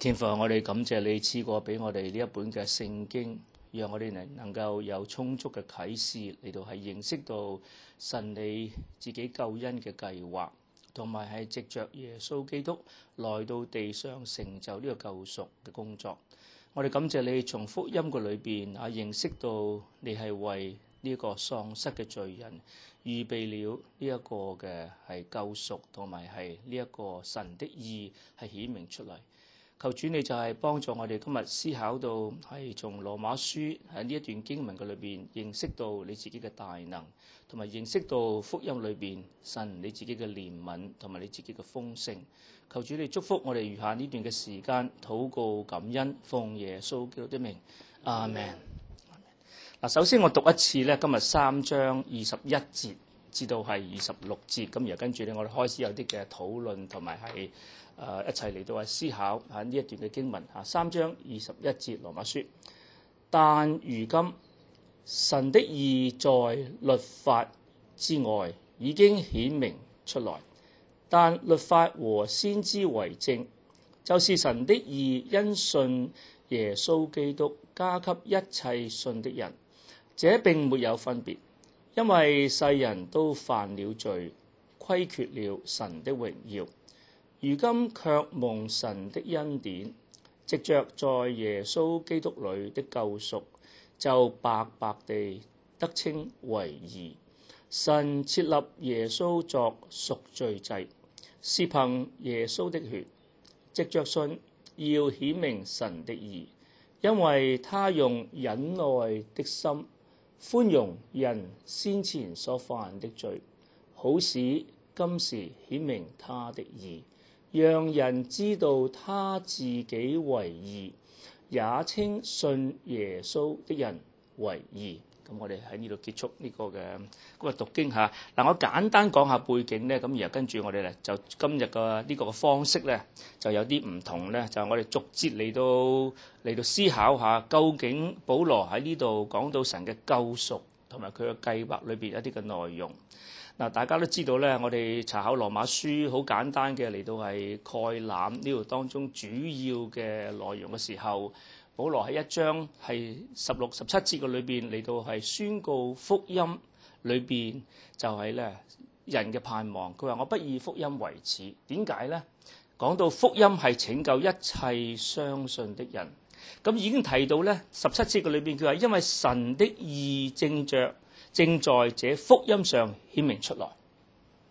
天父，我哋感謝你賜過俾我哋呢一本嘅聖經，讓我哋能能夠有充足嘅啟示嚟到係認識到神你自己救恩嘅計劃，同埋係藉着耶穌基督來到地上成就呢個救贖嘅工作。我哋感謝你從福音嘅裏邊啊認識到你係為呢個喪失嘅罪人預備了呢一個嘅係救贖同埋係呢一個神的義係顯明出嚟。求主你就係幫助我哋今日思考到，係、哎、從羅馬書喺呢一段經文嘅裏邊，認識到你自己嘅大能，同埋認識到福音裏邊神你自己嘅憐憫，同埋你自己嘅豐盛。求主你祝福我哋餘下呢段嘅時間，禱告感恩，奉耶穌基督的名，阿門。嗱，首先我讀一次呢，今日三章二十一節至到係二十六節，咁然後跟住呢，我哋開始有啲嘅討論同埋係。一齊嚟到去思考喺呢一段嘅經文，三章二十一節羅馬書，但如今神的義在律法之外已經顯明出來，但律法和先知為證，就是神的義因信耶穌基督加給一切信的人，這並沒有分別，因為世人都犯了罪，虧缺了神的榮耀。如今卻蒙神的恩典，藉著在耶穌基督裏的救贖就白白地得稱為義。神設立耶穌作贖罪祭，是憑耶穌的血，藉著信要顯明神的義，因為他用忍耐的心，寬容人先前所犯的罪，好使今時顯明他的義。讓人知道他自己為義，也稱信耶穌的人為義。咁我哋喺呢度結束呢個嘅嗰個讀經吓。嗱，我簡單講下背景咧，咁然後跟住我哋咧就今日個呢個嘅方式咧就有啲唔同咧，就係我哋逐節嚟到嚟到思考下，究竟保羅喺呢度講到神嘅救贖同埋佢嘅計劃裏邊一啲嘅內容。嗱，大家都知道咧，我哋查考羅馬書好簡單嘅，嚟到係概覽呢度當中主要嘅內容嘅時候，保羅喺一章係十六十七節嘅裏面嚟到係宣告福音裏面就係、是、咧人嘅盼望。佢話我不以福音為恥，點解呢？講到福音係拯救一切相信的人，咁已經提到咧十七節嘅裏面，佢話因為神的義正著。正在這福音上顯明出來，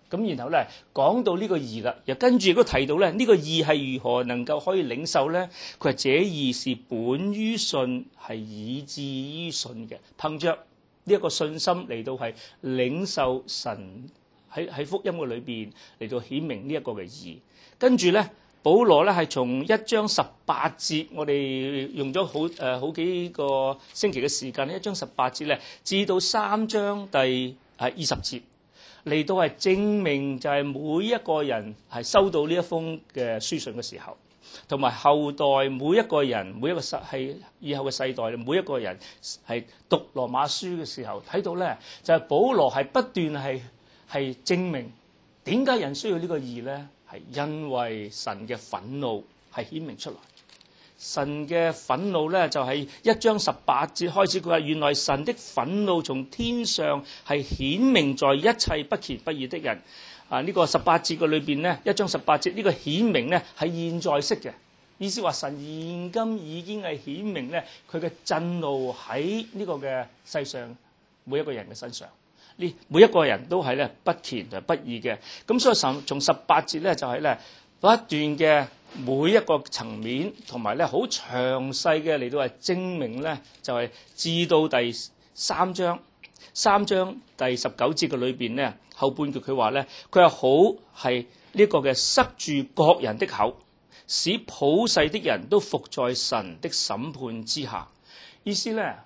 咁然後咧講到呢個義啦，又跟住亦都提到咧呢、這個義係如何能夠可以領受咧，佢話這義是本於信係以致於信嘅，憑着呢一個信心嚟到係領受神喺喺福音嘅裏邊嚟到顯明呢一個嘅義，跟住咧。保羅咧係從一章十八節，我哋用咗好誒好幾個星期嘅時間咧，一章十八節咧，至到三章第係二十節嚟到係證明就係每一個人係收到呢一封嘅書信嘅時候，同埋後代每一個人、每一個世係以後嘅世代每一個人係讀羅馬書嘅時候，睇到咧就係保羅係不斷係係證明點解人需要呢個義咧。係因為神嘅憤怒係顯明出來，神嘅憤怒咧就係一章十八節開始，佢話原來神的憤怒從天上係顯明在一切不虔不義的人啊。呢個十八節嘅裏邊咧，一章十八節呢個顯明咧係現在式嘅意思話，神現今已經係顯明咧佢嘅震怒喺呢個嘅世上每一個人嘅身上。呢每一個人都係咧不虔同不義嘅，咁所以十從十八節咧就係咧不斷嘅每一個層面同埋咧好詳細嘅嚟到係證明咧，就係至到第三章三章第十九節嘅裏邊咧，後半句佢話咧，佢係好係呢個嘅塞住各人的口，使普世的人都伏在神的審判之下，意思咧。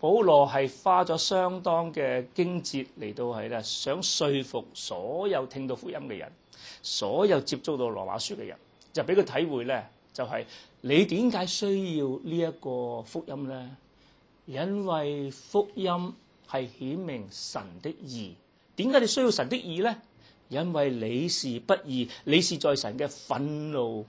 保羅係花咗相當嘅經節嚟到係咧，想說服所有聽到福音嘅人，所有接觸到羅馬書嘅人，就俾佢體會咧，就係你點解需要呢一個福音咧？因為福音係顯明神的義。點解你需要神的義咧？因為你是不義，你是在神嘅憤怒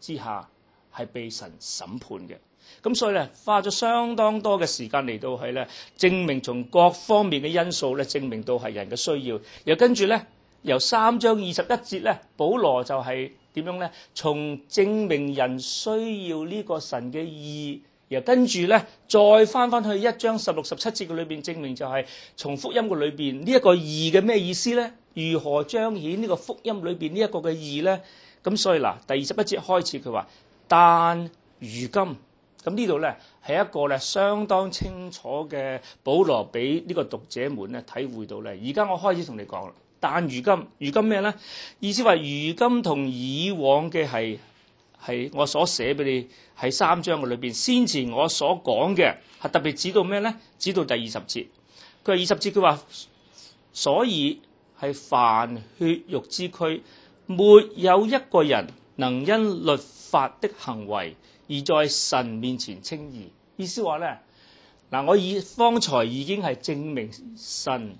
之下係被神審判嘅。咁所以咧，花咗相當多嘅時間嚟到係咧證明從各方面嘅因素咧，證明到係人嘅需要，又跟住咧，由三章二十一節咧，保羅就係點樣咧？從證明人需要呢個神嘅義，又跟住咧再翻翻去一章十六十七節嘅裏邊，證明就係從福音嘅裏邊呢一個義嘅咩意思咧？如何彰顯呢個福音裏邊呢一個嘅義咧？咁所以嗱，第二十一節開始佢話，但如今咁呢度呢，係一個咧相當清楚嘅，保羅俾呢個讀者們咧體會到呢而家我開始同你講啦，但如今如今咩呢？意思話，如今同以往嘅係係我所寫俾你喺三章嘅裏面。先前我所講嘅係特別指到咩呢？指到第二十節。佢話二十節，佢話所以係凡血肉之軀，沒有一個人能因律法的行為。而在神面前稱義，意思話咧，嗱我以方才已經係證明神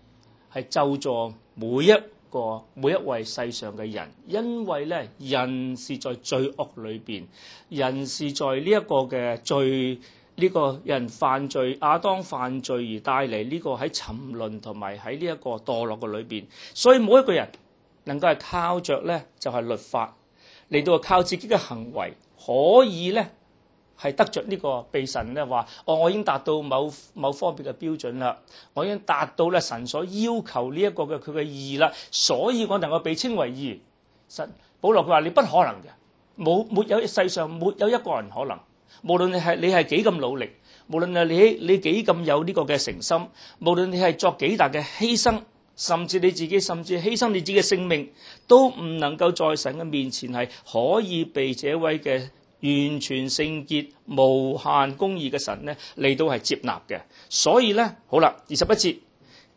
係救助每一個每一位世上嘅人，因為咧人是在罪惡裏邊，人是在呢一個嘅罪，呢、這個人犯罪，亞當犯罪而帶嚟呢個喺沉淪同埋喺呢一個墮落嘅裏邊，所以每一個人能夠係靠着咧就係、是、律法嚟到靠自己嘅行為可以咧。係得着這個呢個被神咧話，哦，我已經達到某某方面嘅標準啦，我已經達到咧神所要求呢、這、一個嘅佢嘅義啦，所以我能夠被稱為義。神，保羅佢話，你不可能嘅，冇沒有世上沒有一個人可能。無論你係你係幾咁努力，無論係你是你幾咁有呢個嘅誠心，無論你係作幾大嘅犧牲，甚至你自己甚至犧牲你自己嘅性命，都唔能夠在神嘅面前係可以被這位嘅。完全聖潔、無限公義嘅神咧嚟到係接納嘅。所以呢，好啦，二十一節，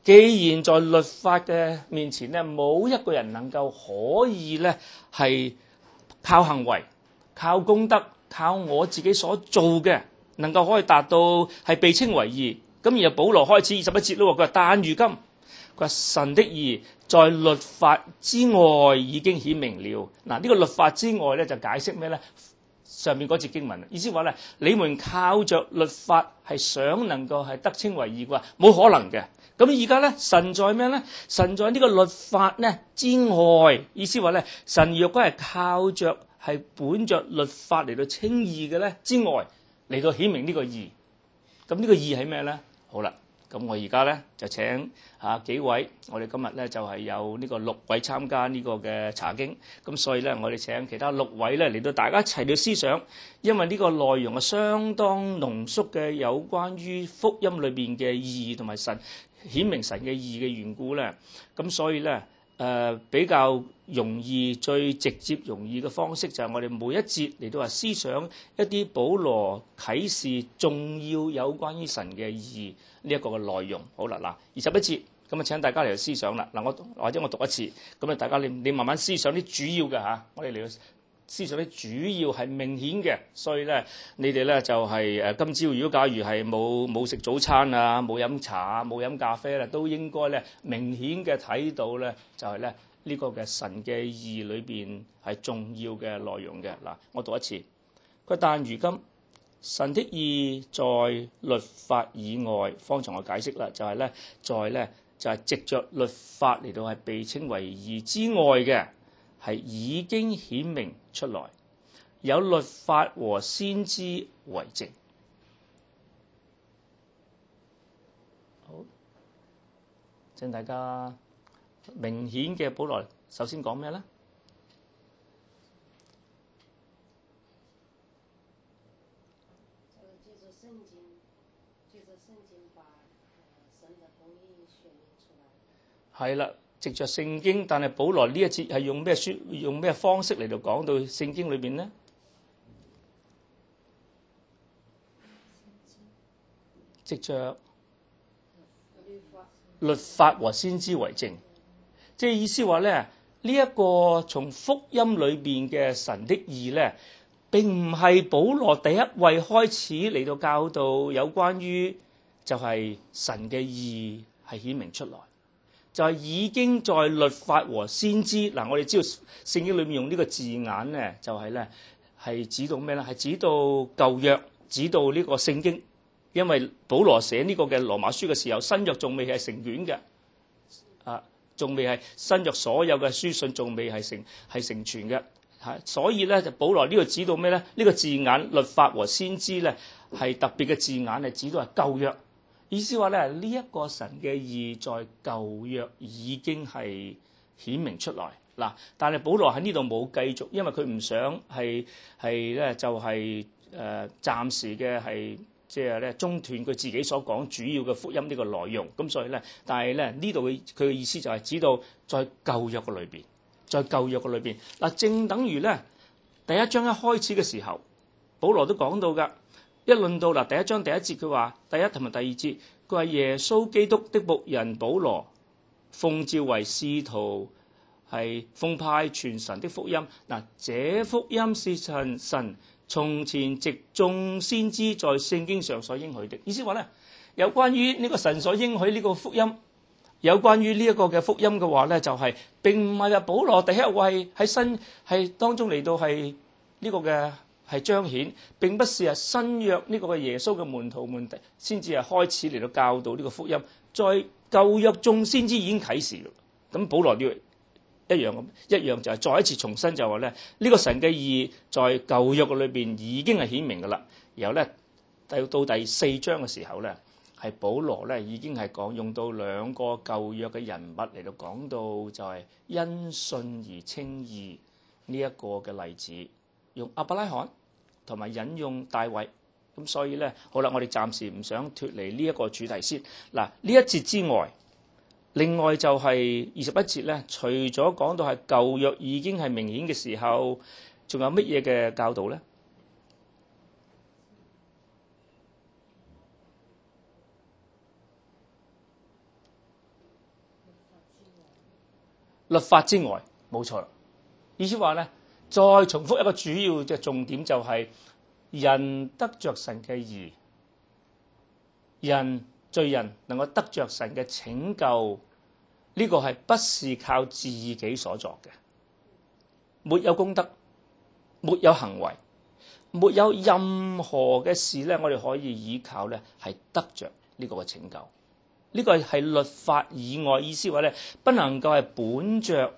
既然在律法嘅面前咧，冇一個人能夠可以咧係靠行為、靠功德、靠我自己所做嘅，能夠可以達到係被稱為義，咁而家保羅開始二十一節啦，佢話但如今佢話神的義在律法之外已經顯明了，嗱、這、呢個律法之外呢，就解釋咩呢？上面嗰節經文，意思話咧，你們靠着律法係想能夠係得稱為義啩，冇可能嘅。咁而家咧，神在咩咧？神在呢個律法咧之外，意思話咧，神若果係靠着係本着律法嚟到稱義嘅咧之外，嚟到顯明呢個義，咁、這、呢個義係咩咧？好啦。咁我而家咧就請啊幾位，我哋今日咧就係、是、有呢個六位參加呢個嘅查經，咁所以咧我哋請其他六位咧嚟到大家一齊去思想，因為呢個內容係相當濃縮嘅，有關於福音裏面嘅義同埋神顯明神嘅義嘅緣故咧，咁所以咧。誒、呃、比較容易、最直接容易嘅方式就係我哋每一節嚟到話思想一啲保羅啟示重要有關於神嘅義呢一個嘅內容好了。好啦，嗱二十一節，咁啊請大家嚟到思想啦。嗱我或者我讀一次，咁啊大家你你慢慢思想啲主要嘅嚇、啊，我哋嚟。思想咧主要係明顯嘅，所以咧你哋咧就係、是、誒今朝，如果假如係冇冇食早餐啊，冇飲茶啊，冇飲咖啡咧、啊，都應該咧明顯嘅睇到咧，就係、是、咧呢、這個嘅神嘅義裏邊係重要嘅內容嘅嗱，我讀一次佢，但如今神的義在律法以外方從我解釋啦，就係、是、咧在咧就係、是、藉着律法嚟到係被稱為義之外嘅。係已經顯明出來，有律法和先知為證。好，請大家明顯嘅保羅，首先講咩咧？係啦。就是藉着聖經，但係保羅呢一節係用咩書用咩方式嚟到講到聖經裏邊咧？藉着律法和先知為證，即係意思話咧，呢、這、一個從福音裏邊嘅神的義咧，並唔係保羅第一位開始嚟到教導有關於就係神嘅義係顯明出來。就係已經在律法和先知嗱，我哋知道聖經裏面用呢個字眼咧，就係咧係指到咩咧？係指到舊約，指到呢個聖經，因為保羅寫呢個嘅羅馬書嘅時候，新約仲未係成卷嘅啊，仲未係新約所有嘅書信仲未係成係成全嘅嚇，所以咧就保羅呢個指到咩咧？呢、呢個字眼律法和先知咧，係特別嘅字眼，係指到係舊約。意思話咧，呢一個神嘅義在舊約已經係顯明出來嗱，但係保羅喺呢度冇繼續，因為佢唔想係係咧就係誒暫時嘅係即係咧中斷佢自己所講主要嘅福音呢個內容，咁所以咧，但係咧呢度佢佢嘅意思就係指到在舊約嘅裏邊，在舊約嘅裏邊嗱，正等於咧第一章一開始嘅時候，保羅都講到噶。一論到嗱，第一章第一節佢話第一同埋第二節，佢話耶穌基督的僕人保羅奉召為使徒，係奉派傳神的福音。嗱，這福音是從神從前藉眾先知在聖經上所應許的。意思話咧，有關於呢個神所應許呢個福音，有關於呢一個嘅福音嘅話咧，就係並唔係啊，保羅第一位喺新係當中嚟到係呢個嘅。係彰顯，並不是係新約呢個嘅耶穌嘅門徒門弟先至係開始嚟到教導呢個福音，在舊約中先至已經啟示。咁保羅呢一樣咁一樣就係再一次重申，就話咧呢個神嘅義在舊約嘅裏邊已經係顯明㗎啦。然後咧，第到第四章嘅時候咧，係保羅咧已經係講用到兩個舊約嘅人物嚟到講到就係因信而稱義呢一個嘅例子，用亞伯拉罕。同埋引用大衛，咁所以咧，好啦，我哋暫時唔想脫離呢一個主題先。嗱，呢一節之外，另外就係二十一節咧，除咗講到係舊約已經係明顯嘅時候，仲有乜嘢嘅教導咧？律法之外，冇錯啦。意思話咧。再重複一個主要嘅重點，就係人得着神嘅義人，人罪人能夠得着神嘅拯救，呢、這個係不是靠自己所作嘅，沒有功德，沒有行為，沒有任何嘅事咧，我哋可以依靠咧係得着呢個嘅拯救。呢、這個係律法以外，意思話咧，不能夠係本着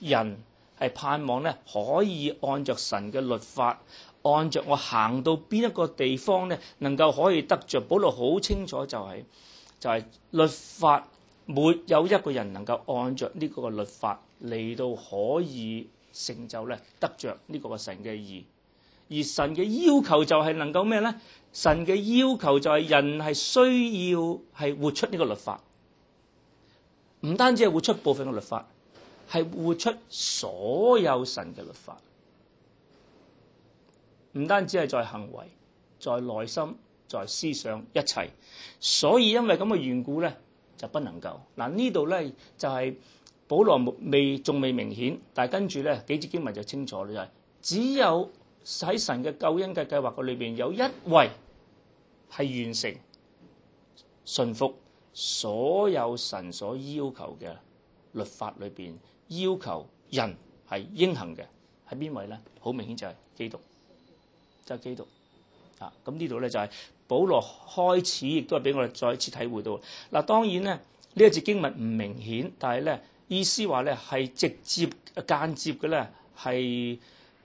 人。係盼望咧，可以按著神嘅律法，按着我行到邊一個地方咧，能夠可以得着，保羅好清楚就係、是、就是、律法沒有一個人能夠按着呢個嘅律法嚟到可以成就咧，得着呢個嘅神嘅義。而神嘅要求就係能夠咩咧？神嘅要求就係人係需要係活出呢個律法，唔單止係活出部分嘅律法。係活出所有神嘅律法，唔單止係在行為、在內心、在思想一切，所以因為咁嘅緣故咧，就不能夠。嗱，呢度咧就係、是、保羅未仲未明顯，但係跟住咧幾節經文就清楚啦，就係、是、只有喺神嘅救恩嘅計劃嘅裏邊，有一位係完成順服所有神所要求嘅律法裏邊。要求人係應行嘅，喺邊位咧？好明顯就係基督，就係基督啊！咁、嗯、呢度咧就係、是、保羅開始，亦都係俾我哋再一次體會到。嗱、啊，當然咧呢這一節經文唔明顯，但係咧意思話咧係直接間接嘅咧係。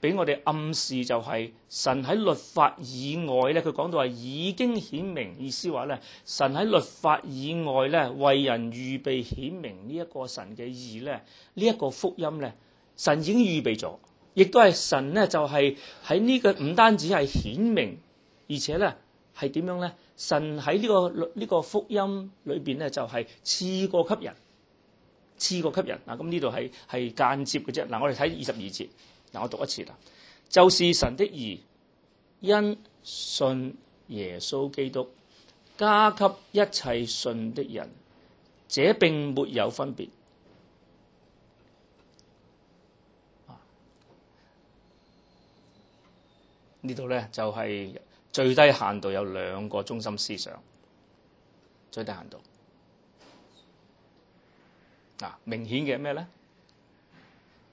俾我哋暗示就係神喺律法以外咧，佢講到話已經顯明，意思話咧，神喺律法以外咧為人預備顯明呢一個神嘅義咧，呢、這、一個福音咧，神已經預備咗，亦都係神咧就係喺呢個唔單止係顯明，而且咧係點樣咧？神喺呢、這個呢、這個福音裏邊咧就係、是、賜過給人，賜過給人嗱，咁呢度係係間接嘅啫。嗱、啊，我哋睇二十二節。嗱，我讀一次啦，就是神的義，因信耶穌基督，加給一切信的人，這並沒有分別。啊，呢度呢，就係最低限度有兩個中心思想，最低限度。嗱，啊，明顯嘅咩呢？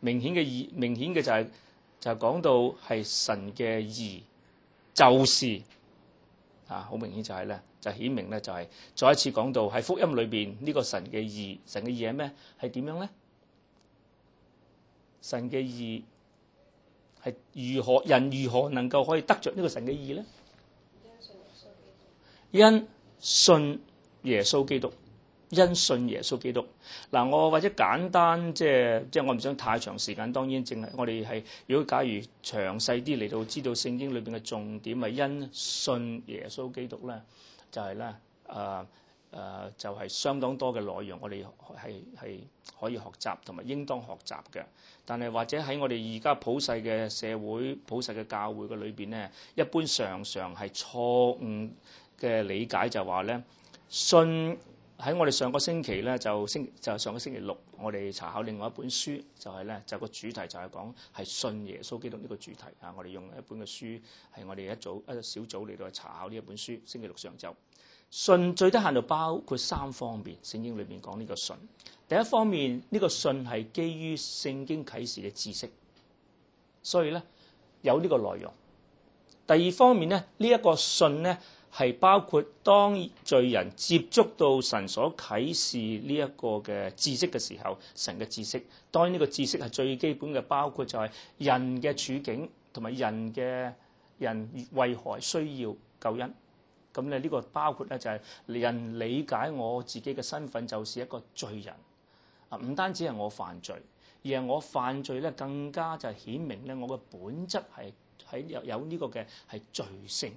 明顯嘅義，明顯的就係就講到係神嘅義，就是啊、就是，好明顯就係咧，就顯明咧就係、是、再一次講到喺福音裏邊呢、呢個，神嘅義，神嘅義係咩？係點樣咧？神嘅義係如何？人如何能夠可以得着呢個神嘅義咧？因信耶穌基督。因信耶穌基督嗱，我或者簡單即係即係，就是就是、我唔想太長時間。當然我，正係我哋係如果假如詳細啲嚟到知道聖經裏邊嘅重點係、就是、因信耶穌基督咧，就係咧誒誒，就係、是、相當多嘅內容我，我哋係係可以學習同埋應當學習嘅。但係或者喺我哋而家普世嘅社會、普世嘅教會嘅裏邊咧，一般常常係錯誤嘅理解就話咧信。喺我哋上個星期咧，就星就上個星期六，我哋查考另外一本書，就係、是、咧，就個主題就係講係信耶穌基督呢個主題啊！我哋用一本嘅書，係我哋一組一個小組嚟到去查考呢一本書。星期六上晝，信最低限度就包括三方面，聖經裏面講呢個信。第一方面，呢、這個信係基於聖經啟示嘅知識，所以咧有呢個內容。第二方面咧，呢、這、一個信咧。係包括當罪人接觸到神所啟示呢一個嘅知識嘅時候，神嘅知識。當然呢個知識係最基本嘅，包括就係人嘅處境同埋人嘅人為何需要救恩。咁咧呢個包括咧就係人理解我自己嘅身份，就是一個罪人。啊，唔單止係我犯罪，而係我犯罪咧更加就係顯明咧我嘅本質係喺有有呢個嘅係罪性。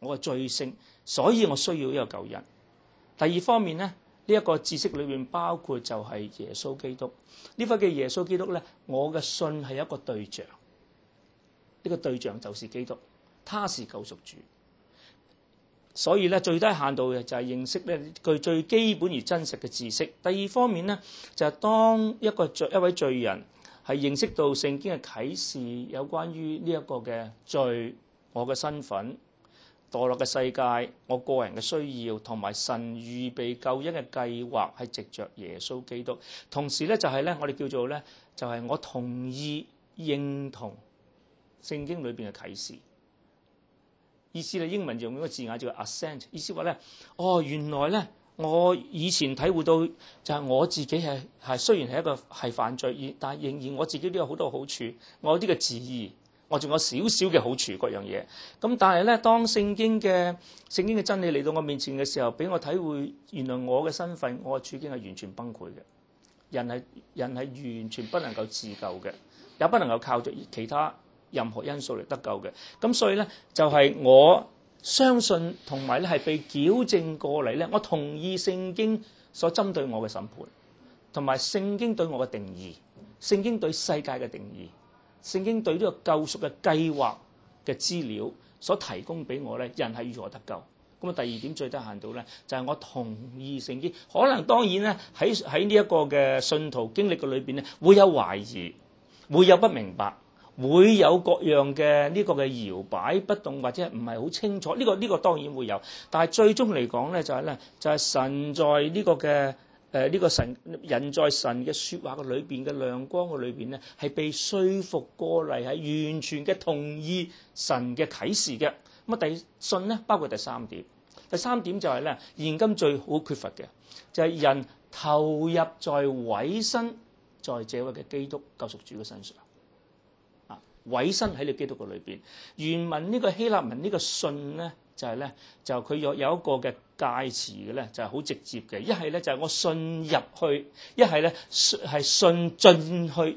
我嘅罪性，所以我需要一個救人。第二方面呢，呢一個知識裏面包括就係耶穌基督。呢塊嘅耶穌基督咧，我嘅信係一個對象。呢個對象就是基督，他是救贖主。所以咧，最低限度嘅就係認識呢佢最基本而真實嘅知識。第二方面呢，就係當一個罪一位罪人係認識到聖經嘅啟示有關於呢一個嘅罪，我嘅身份。墮落嘅世界，我個人嘅需要同埋神預備救恩嘅計劃係藉着耶穌基督。同時咧、就是，就係咧，我哋叫做咧，就係我同意認同聖經裏邊嘅啟示。意思咧，英文用一個字眼叫做 assent 意思話咧，哦，原來咧，我以前體會到就係我自己係係雖然係一個係犯罪，但係仍然我自己都有好多好處，我有啲嘅旨意。我仲有少少嘅好處，各樣嘢。咁但係咧，當聖經嘅聖經嘅真理嚟到我面前嘅時候，俾我體會，原來我嘅身份，我嘅處境係完全崩潰嘅。人係人係完全不能夠自救嘅，也不能夠靠着其他任何因素嚟得救嘅。咁所以呢，就係我相信同埋咧，係被矯正過嚟呢。我同意聖經所針對我嘅審判，同埋聖經對我嘅定義，聖經對世界嘅定義。聖經對呢個救贖嘅計劃嘅資料所提供俾我咧，人係如何得救？咁啊，第二點最低限度咧，就係我同意聖經。可能當然咧，喺喺呢一個嘅信徒經歷嘅裏邊咧，會有懷疑，會有不明白，會有各樣嘅呢個嘅搖擺不動，或者唔係好清楚。呢個呢個當然會有，但係最終嚟講咧，就係咧，就係神在呢個嘅。誒呢、呃這個神人在神嘅説話嘅裏邊嘅亮光嘅裏邊咧，係被説服過嚟，係完全嘅同意神嘅啟示嘅。咁啊，第信咧包括第三點，第三點就係咧，現今最好缺乏嘅就係、是、人投入在委身、啊、身在這位嘅基督救贖主嘅身上，啊委身喺你基督徒裏邊。原文呢個希臘文呢個信咧。就係咧，就佢有有一個嘅介詞嘅咧，就係好直接嘅。一係咧就係我信入去，一係咧係信進去，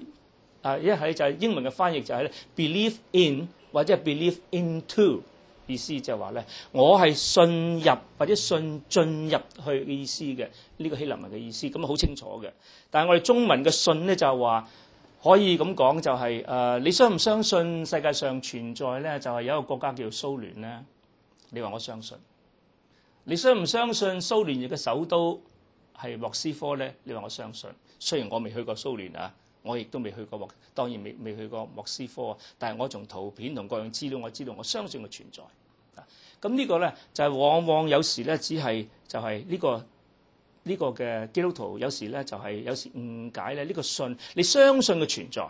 啊一係就係英文嘅翻譯就係 believe in 或者 believe into 意思就係話咧，我係信入或者信進入去嘅意思嘅，呢個希臘文嘅意思咁好清楚嘅。但係我哋中文嘅信咧就係話可以咁講就係誒，你相唔相信世界上存在咧就係有一個國家叫蘇聯咧？你話我相信，你相唔相信蘇聯嘅首都係莫斯科呢？你話我相信。雖然我未去過蘇聯啊，我亦都未去過莫，當然未未去過莫斯科啊。但係我從圖片同各樣資料我知道，我相信佢存在。咁呢個呢，就係、是、往往有時呢，只係就係呢、呢個呢、呢個嘅基督徒，有時呢就係、是、有時誤解咧呢、呢個信，你相信佢存在，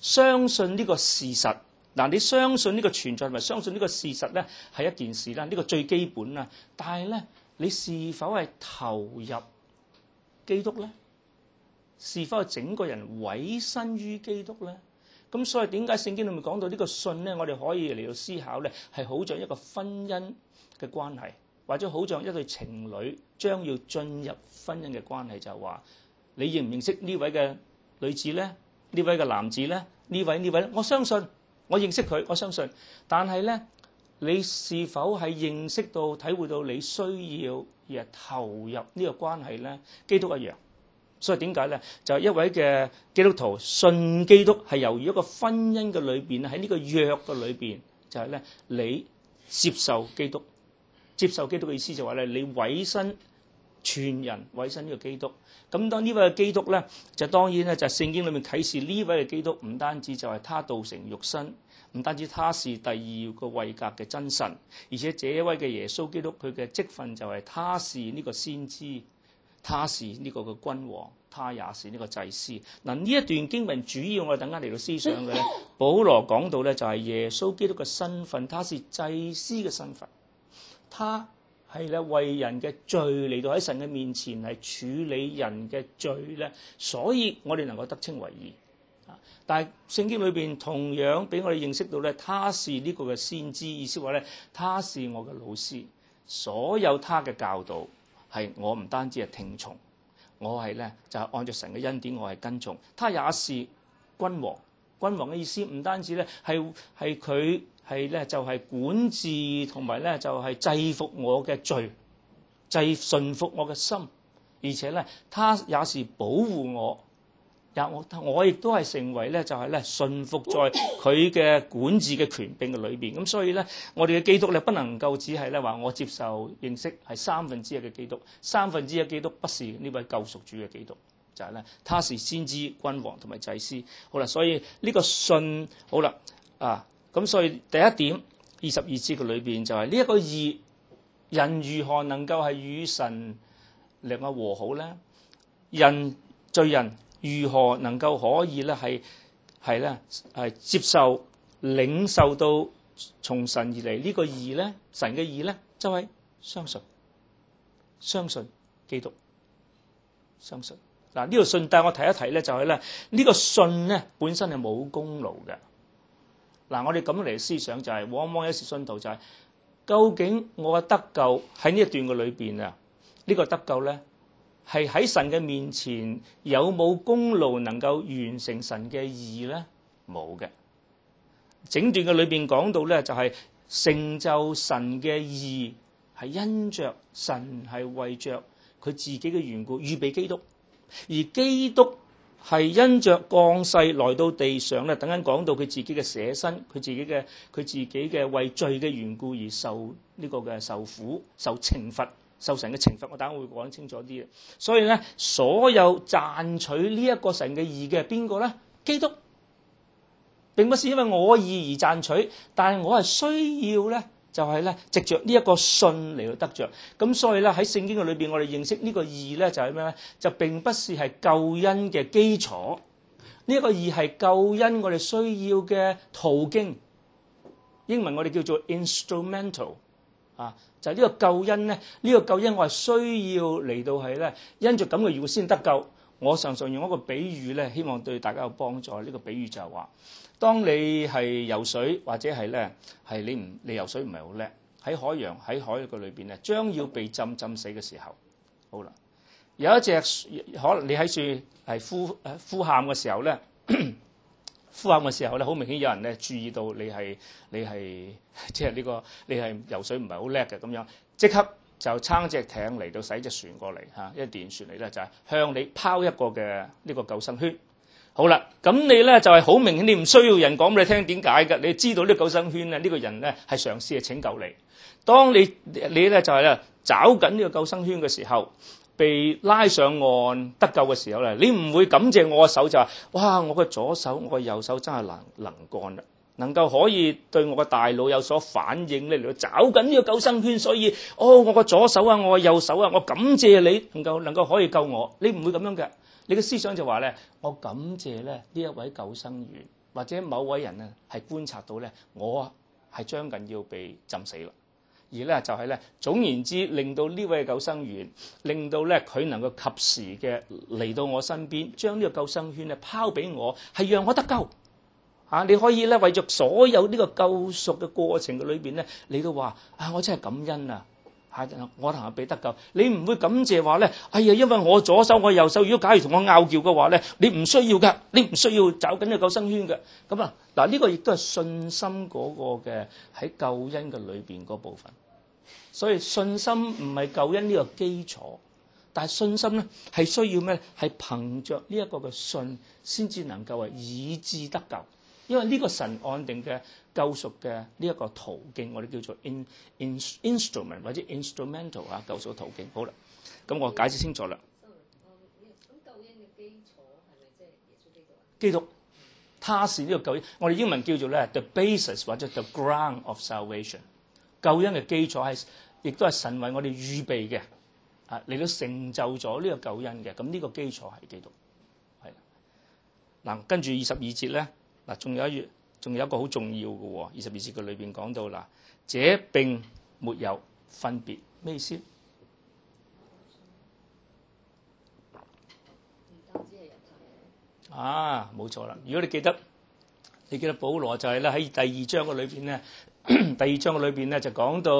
相信呢個事實。嗱，你相信呢個存在同埋相信呢個事實咧，係一件事啦。呢個最基本啦，但係咧，你是否係投入基督咧？是否係整個人委身於基督咧？咁所以點解聖經裏面講到呢個信咧？我哋可以嚟到思考咧，係好像一個婚姻嘅關係，或者好像一對情侶將要進入婚姻嘅關係，就係話，你認唔認識呢位嘅女子咧？呢位嘅男子咧？呢位呢位咧，我相信。我認識佢，我相信。但係咧，你是否係認識到、體會到你需要而係投入呢個關係咧？基督一樣。所以點解咧？就係一位嘅基督徒信基督，係由於一個婚姻嘅裏邊，喺呢個約嘅裏邊，就係咧你接受基督。接受基督嘅意思就係話咧，你委身。全人委身呢個基督，咁當呢位嘅基督咧，就當然咧就聖經裏面啟示呢位嘅基督唔單止就係他道成肉身，唔單止他是第二個位格嘅真神，而且這位嘅耶穌基督佢嘅職分就係他是呢個先知，他是呢個嘅君王，他也是呢個祭司。嗱，呢一段經文主要我哋等陣嚟到思想嘅咧，保羅講到咧就係耶穌基督嘅身份，他是祭司嘅身份，他。係咧，是為人嘅罪嚟到喺神嘅面前係處理人嘅罪咧，所以我哋能夠得稱為義。啊，但係聖經裏邊同樣俾我哋認識到咧，他是呢個嘅先知，意思話咧，他是我嘅老師。所有他嘅教導係我唔單止係聽從，我係咧就係按照神嘅恩典，我係跟從。他也是君王，君王嘅意思唔單止咧係係佢。係咧，就係、是、管治同埋咧，就係、是、制服我嘅罪，制服我嘅心，而且咧，他也是保護我。我也我我亦都係成為咧，就係、是、咧，信服在佢嘅管治嘅權柄嘅裏面。咁所以咧，我哋嘅基督咧，不能夠只係咧話我接受認識係三分之一嘅基督，三分之一基督，不是呢位救贖主嘅基督，就係、是、咧，他是先知君王同埋祭司。好啦，所以呢個信好啦啊。咁所以第一點，二十二節嘅裏面就係呢一個義，人如何能夠係與神兩個和好咧？人罪人如何能夠可以咧？係係咧？係接受領受到從神而嚟呢個義咧？神嘅義咧，就係、是、相信，相信基督，相信嗱呢、這個信。但我睇一睇咧，就係咧呢個信咧本身係冇功勞嘅。嗱，我哋咁嚟思想就係、是、往往有時信徒就係、是、究竟我嘅得救喺呢一段嘅裏邊啊？呢、呢個得救咧，係喺神嘅面前有冇功勞能夠完成神嘅義咧？冇嘅。整段嘅裏邊講到咧，就係、是、成就神嘅義，係因着神係為着佢自己嘅緣故預備基督，而基督。係因着降世來到地上咧，等間講到佢自己嘅捨身，佢自己嘅佢自己嘅為罪嘅緣故而受呢、這個嘅受苦、受懲罰、受神嘅懲罰。我等下會講清楚啲嘅。所以咧，所有賺取呢一個神嘅義嘅邊個咧？基督並不是因為我義而賺取，但係我係需要咧。就係咧，藉着呢一個信嚟到得着。咁所以咧，喺聖經嘅裏邊，我哋認識個意呢個義咧就係咩咧？就並不是係救恩嘅基礎，呢一個義係救恩我哋需要嘅途徑。英文我哋叫做 instrumental，啊，就係呢個救恩咧，呢、這個救恩我係需要嚟到係咧，因着咁嘅義先得救。我常常用一個比喻咧，希望對大家有幫助。呢個比喻就係話，當你係游水或者係咧，係你唔你游水唔係好叻，喺海洋喺海嘅裏邊咧，將要被浸浸死嘅時候，好啦，有一隻可能你喺度係呼呼喊嘅時候咧，呼喊嘅時候咧，好明顯有人咧注意到你係你係即係呢個你係游水唔係好叻嘅咁樣，即刻。就撐隻艇嚟到駛隻船過嚟一因為電船嚟咧就係、是、向你拋一個嘅呢、就是、個救生圈。好啦，咁你咧就係好明顯，你唔需要人講俾你聽點解嘅，你知道呢個救生圈咧，呢個人咧係上司嘅拯救你。當你你咧就係、是、咧找緊呢個救生圈嘅時候，被拉上岸得救嘅時候咧，你唔會感謝我嘅手就係、是，哇！我嘅左手我嘅右手真係能，能幹啦。」能夠可以對我個大腦有所反應咧，嚟去找緊呢個救生圈，所以哦，我個左手啊，我個右手啊，我感謝你能夠能夠可以救我。你唔會咁樣嘅，你嘅思想就話咧，我感謝咧呢一位救生員或者某位人啊，係觀察到咧我係將近要被浸死啦，而咧就係咧總言之，令到呢位救生員令到咧佢能夠及時嘅嚟到我身邊，將呢個救生圈咧拋俾我，係讓我得救。啊！你可以咧，為着所有呢個救贖嘅過程嘅裏面，咧，你都話啊，我真係感恩啊！嚇、啊，我能被得救，你唔會感謝話咧，哎呀，因為我左手我右手，如果假如同我拗撬嘅話咧，你唔需要噶，你唔需要走緊呢個救生圈嘅咁啊嗱。呢、啊這個亦都係信心嗰個嘅喺救恩嘅裏面嗰部分，所以信心唔係救恩呢個基礎，但係信心咧係需要咩咧？係憑着呢一個嘅信，先至能夠以至得救。因為呢個神按定嘅救贖嘅呢一個途徑，我哋叫做 in, in instrument 或者 instrumental 啊。救贖途徑。好啦，咁、嗯、我解釋清楚啦。咁救恩嘅基礎係咪？即係基督，基督他是呢個救恩，我哋英文叫做咧 the basis 或者 the ground of salvation。救恩嘅基礎係亦都係神為我哋預備嘅啊，嚟到成就咗呢個救恩嘅。咁呢個基礎係基督係啦。嗱，跟住二十二節咧。仲有一月，仲有一個好重要嘅喎。二十二節佢裏邊講到嗱，這並沒有分別，咩意思？啊，冇錯啦！如果你記得，你記得保羅就係咧喺第二章嘅裏邊咧，第二章嘅裏邊咧就講到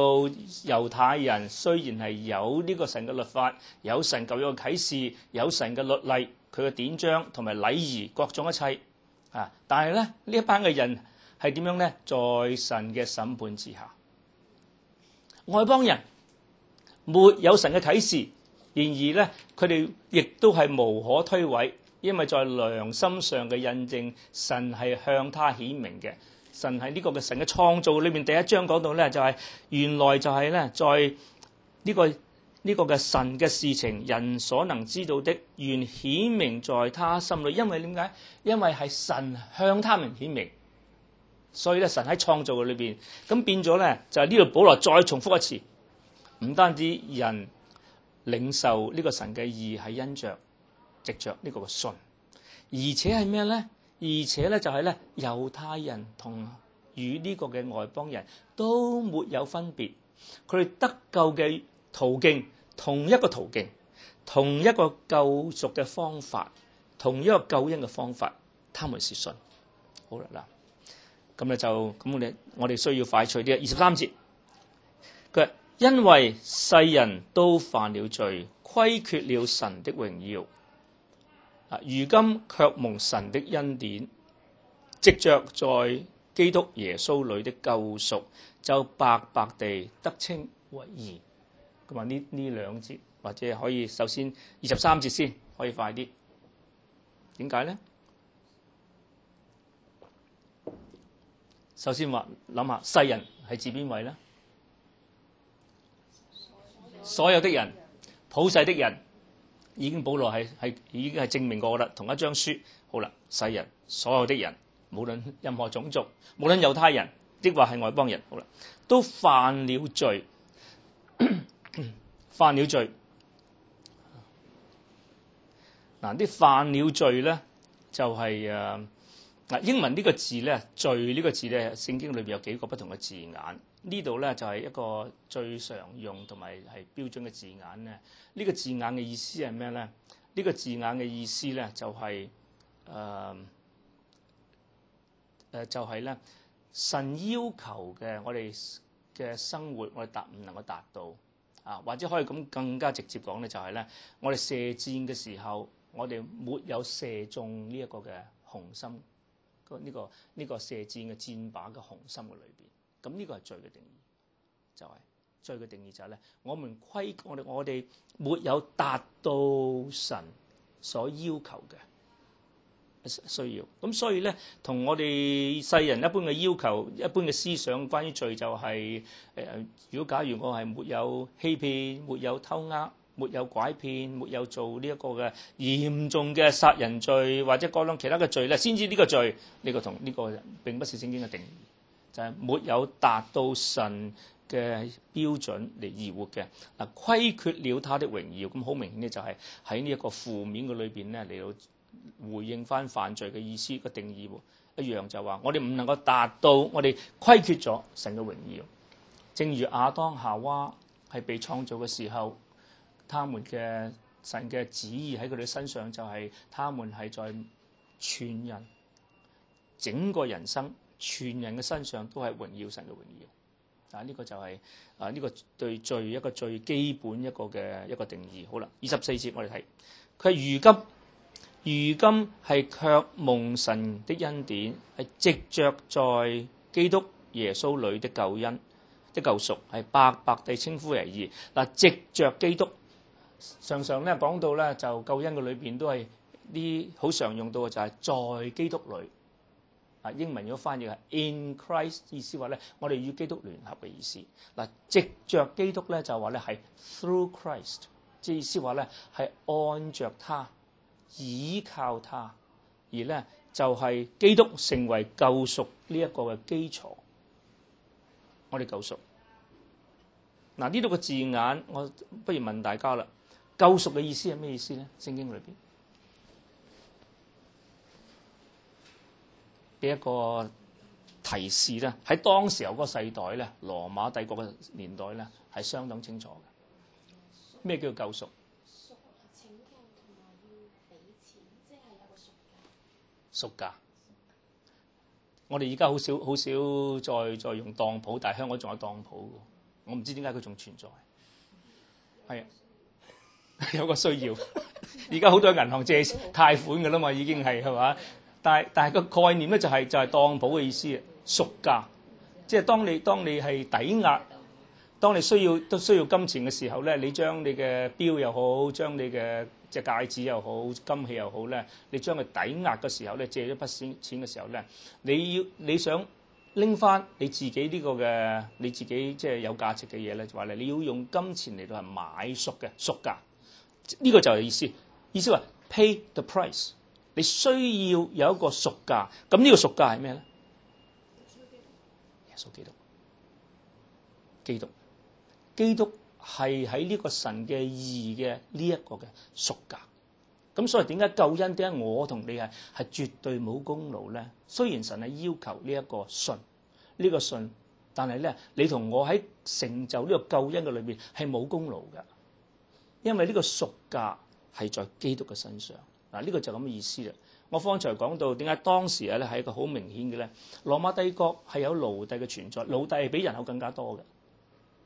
猶太人雖然係有呢個神嘅律法，有神舊約嘅啟示，有神嘅律例，佢嘅典章同埋禮儀各種一切。啊！但係咧，是呢一班嘅人係點樣咧？在神嘅審判之下，外邦人沒有神嘅啟示，然而咧，佢哋亦都係無可推諉，因為在良心上嘅印證，神係向他顯明嘅。神喺呢個嘅神嘅創造裏面第一章講到咧，就係、是、原來就係咧，在呢、這個。呢個嘅神嘅事情，人所能知道的，原顯明在他心裏。因為點解？因為係神向他們顯明，所以咧，神喺創造嘅裏邊，咁變咗咧就係呢度。保羅再重複一次，唔單止人領受呢個神嘅義係因著、藉著呢個嘅信，而且係咩咧？而且咧就係咧，猶太人同與呢個嘅外邦人都沒有分別，佢哋得救嘅途徑同一個途徑，同一個救贖嘅方法，同一個救恩嘅方法，他們是信好啦嗱。咁咧就咁，我哋我哋需要快脆啲。二十三節佢，因為世人都犯了罪，虧缺了神的榮耀啊，如今卻蒙神的恩典，藉着在基督耶穌裏的救贖，就白白地得稱為義。話呢呢兩節，或者可以首先二十三節先，可以快啲。點解咧？首先話諗下世人係指邊位咧？所有的人，普世的人，已經保羅係係已經係證明過啦。同一章書，好啦，世人所有的人，無論任何種族，無論猶太人抑或係外邦人，好啦，都犯了罪。犯了罪，嗱啲犯了罪咧，就是，就係誒嗱英文呢個字咧，罪呢個字咧，聖經裏邊有幾個不同嘅字眼。呢度咧就係一個最常用同埋係標準嘅字眼咧。呢、呢個字眼嘅意思係咩咧？呢、呢個字眼嘅意思咧就係誒誒就係，是，咧神要求嘅我哋嘅生活，我哋達唔能夠達到。啊，或者可以咁更加直接講咧，就係咧，我哋射箭嘅時候，我哋沒有射中呢一個嘅紅心，個呢個呢個射箭嘅箭靶嘅紅心嘅裏邊。咁呢個係罪嘅定義，就係罪嘅定義就係咧，我們規我哋我哋沒有達到神所要求嘅。需要咁，所以呢，同我哋世人一般嘅要求、一般嘅思想，關於罪就係、是、誒、呃。如果假如我係沒有欺騙、沒有偷呃、沒有拐騙、沒有做呢一個嘅嚴重嘅殺人罪，或者各種其他嘅罪咧，先知呢個罪呢、這個同呢、這個並不是聖經嘅定義，就係、是、沒有達到神嘅標準嚟而活嘅。嗱、啊，虧缺了他的榮耀，咁好明顯咧，就係喺呢一個負面嘅裏邊咧嚟到。回應翻犯罪嘅意思個定義，一樣就話我哋唔能夠達到我哋虧缺咗神嘅榮耀。正如亞當夏娃係被創造嘅時候，他們嘅神嘅旨意喺佢哋身上就係、是，他們係在全人，整個人生全人嘅身上都係榮耀神嘅榮耀。啊，呢、這個就係、是、啊呢、這個對罪最一個最基本一個嘅一個定義。好啦，二十四節我哋睇佢係如今。如今係卻蒙神的恩典，係藉着在基督耶穌裏的救恩的救贖，係白白地稱呼為義。嗱，藉着基督，常常咧講到咧就救恩嘅裏邊都係啲好常用到嘅就係在基督裏，啊英文如果翻譯係 in Christ 意思話咧，我哋與基督聯合嘅意思。嗱，藉着基督咧就話咧係 through Christ，即係意思話咧係按著他。倚靠他，而咧就係、是、基督成為救贖呢一個嘅基礎。我哋救贖，嗱呢度個字眼，我不如問大家啦。救贖嘅意思係咩意思咧？聖經裏邊嘅一個提示啦，喺當時嗰個世代咧，羅馬帝國嘅年代咧，係相當清楚嘅。咩叫救贖？贖價，我哋而家好少好少再再用當鋪，但係香港仲有當鋪，我唔知點解佢仲存在，係啊，有個需要。而家好多銀行借貸款噶啦嘛，已經係係嘛，但係但係個概念咧就係就係當鋪嘅意思啊，贖價，即係當你當你係抵押，當你需要都需要金錢嘅時候咧，你將你嘅錶又好，將你嘅。隻戒指又好，金器又好咧，你將佢抵押嘅時候咧，借一筆錢錢嘅時候咧，你要你想拎翻你自己呢個嘅你自己即係有價值嘅嘢，咧，就話咧，你要用金錢嚟到係買贖嘅贖價，呢個就係意思。意思話 pay the price，你需要有一個贖價，咁呢個贖價係咩咧？耶穌基督，基督，基督。係喺呢個神嘅義嘅呢一個嘅屬格，咁所以，點解救恩，點解我同你係係絕對冇功勞咧？雖然神係要求呢一個信，呢個信，但係咧，你同我喺成就呢個救恩嘅裏邊係冇功勞嘅，因為呢個屬格係在基督嘅身上。嗱，呢個就咁嘅意思啦。我方才講到點解當時咧，係一個好明顯嘅咧，羅馬帝國係有奴隸嘅存在，奴隸係比人口更加多嘅。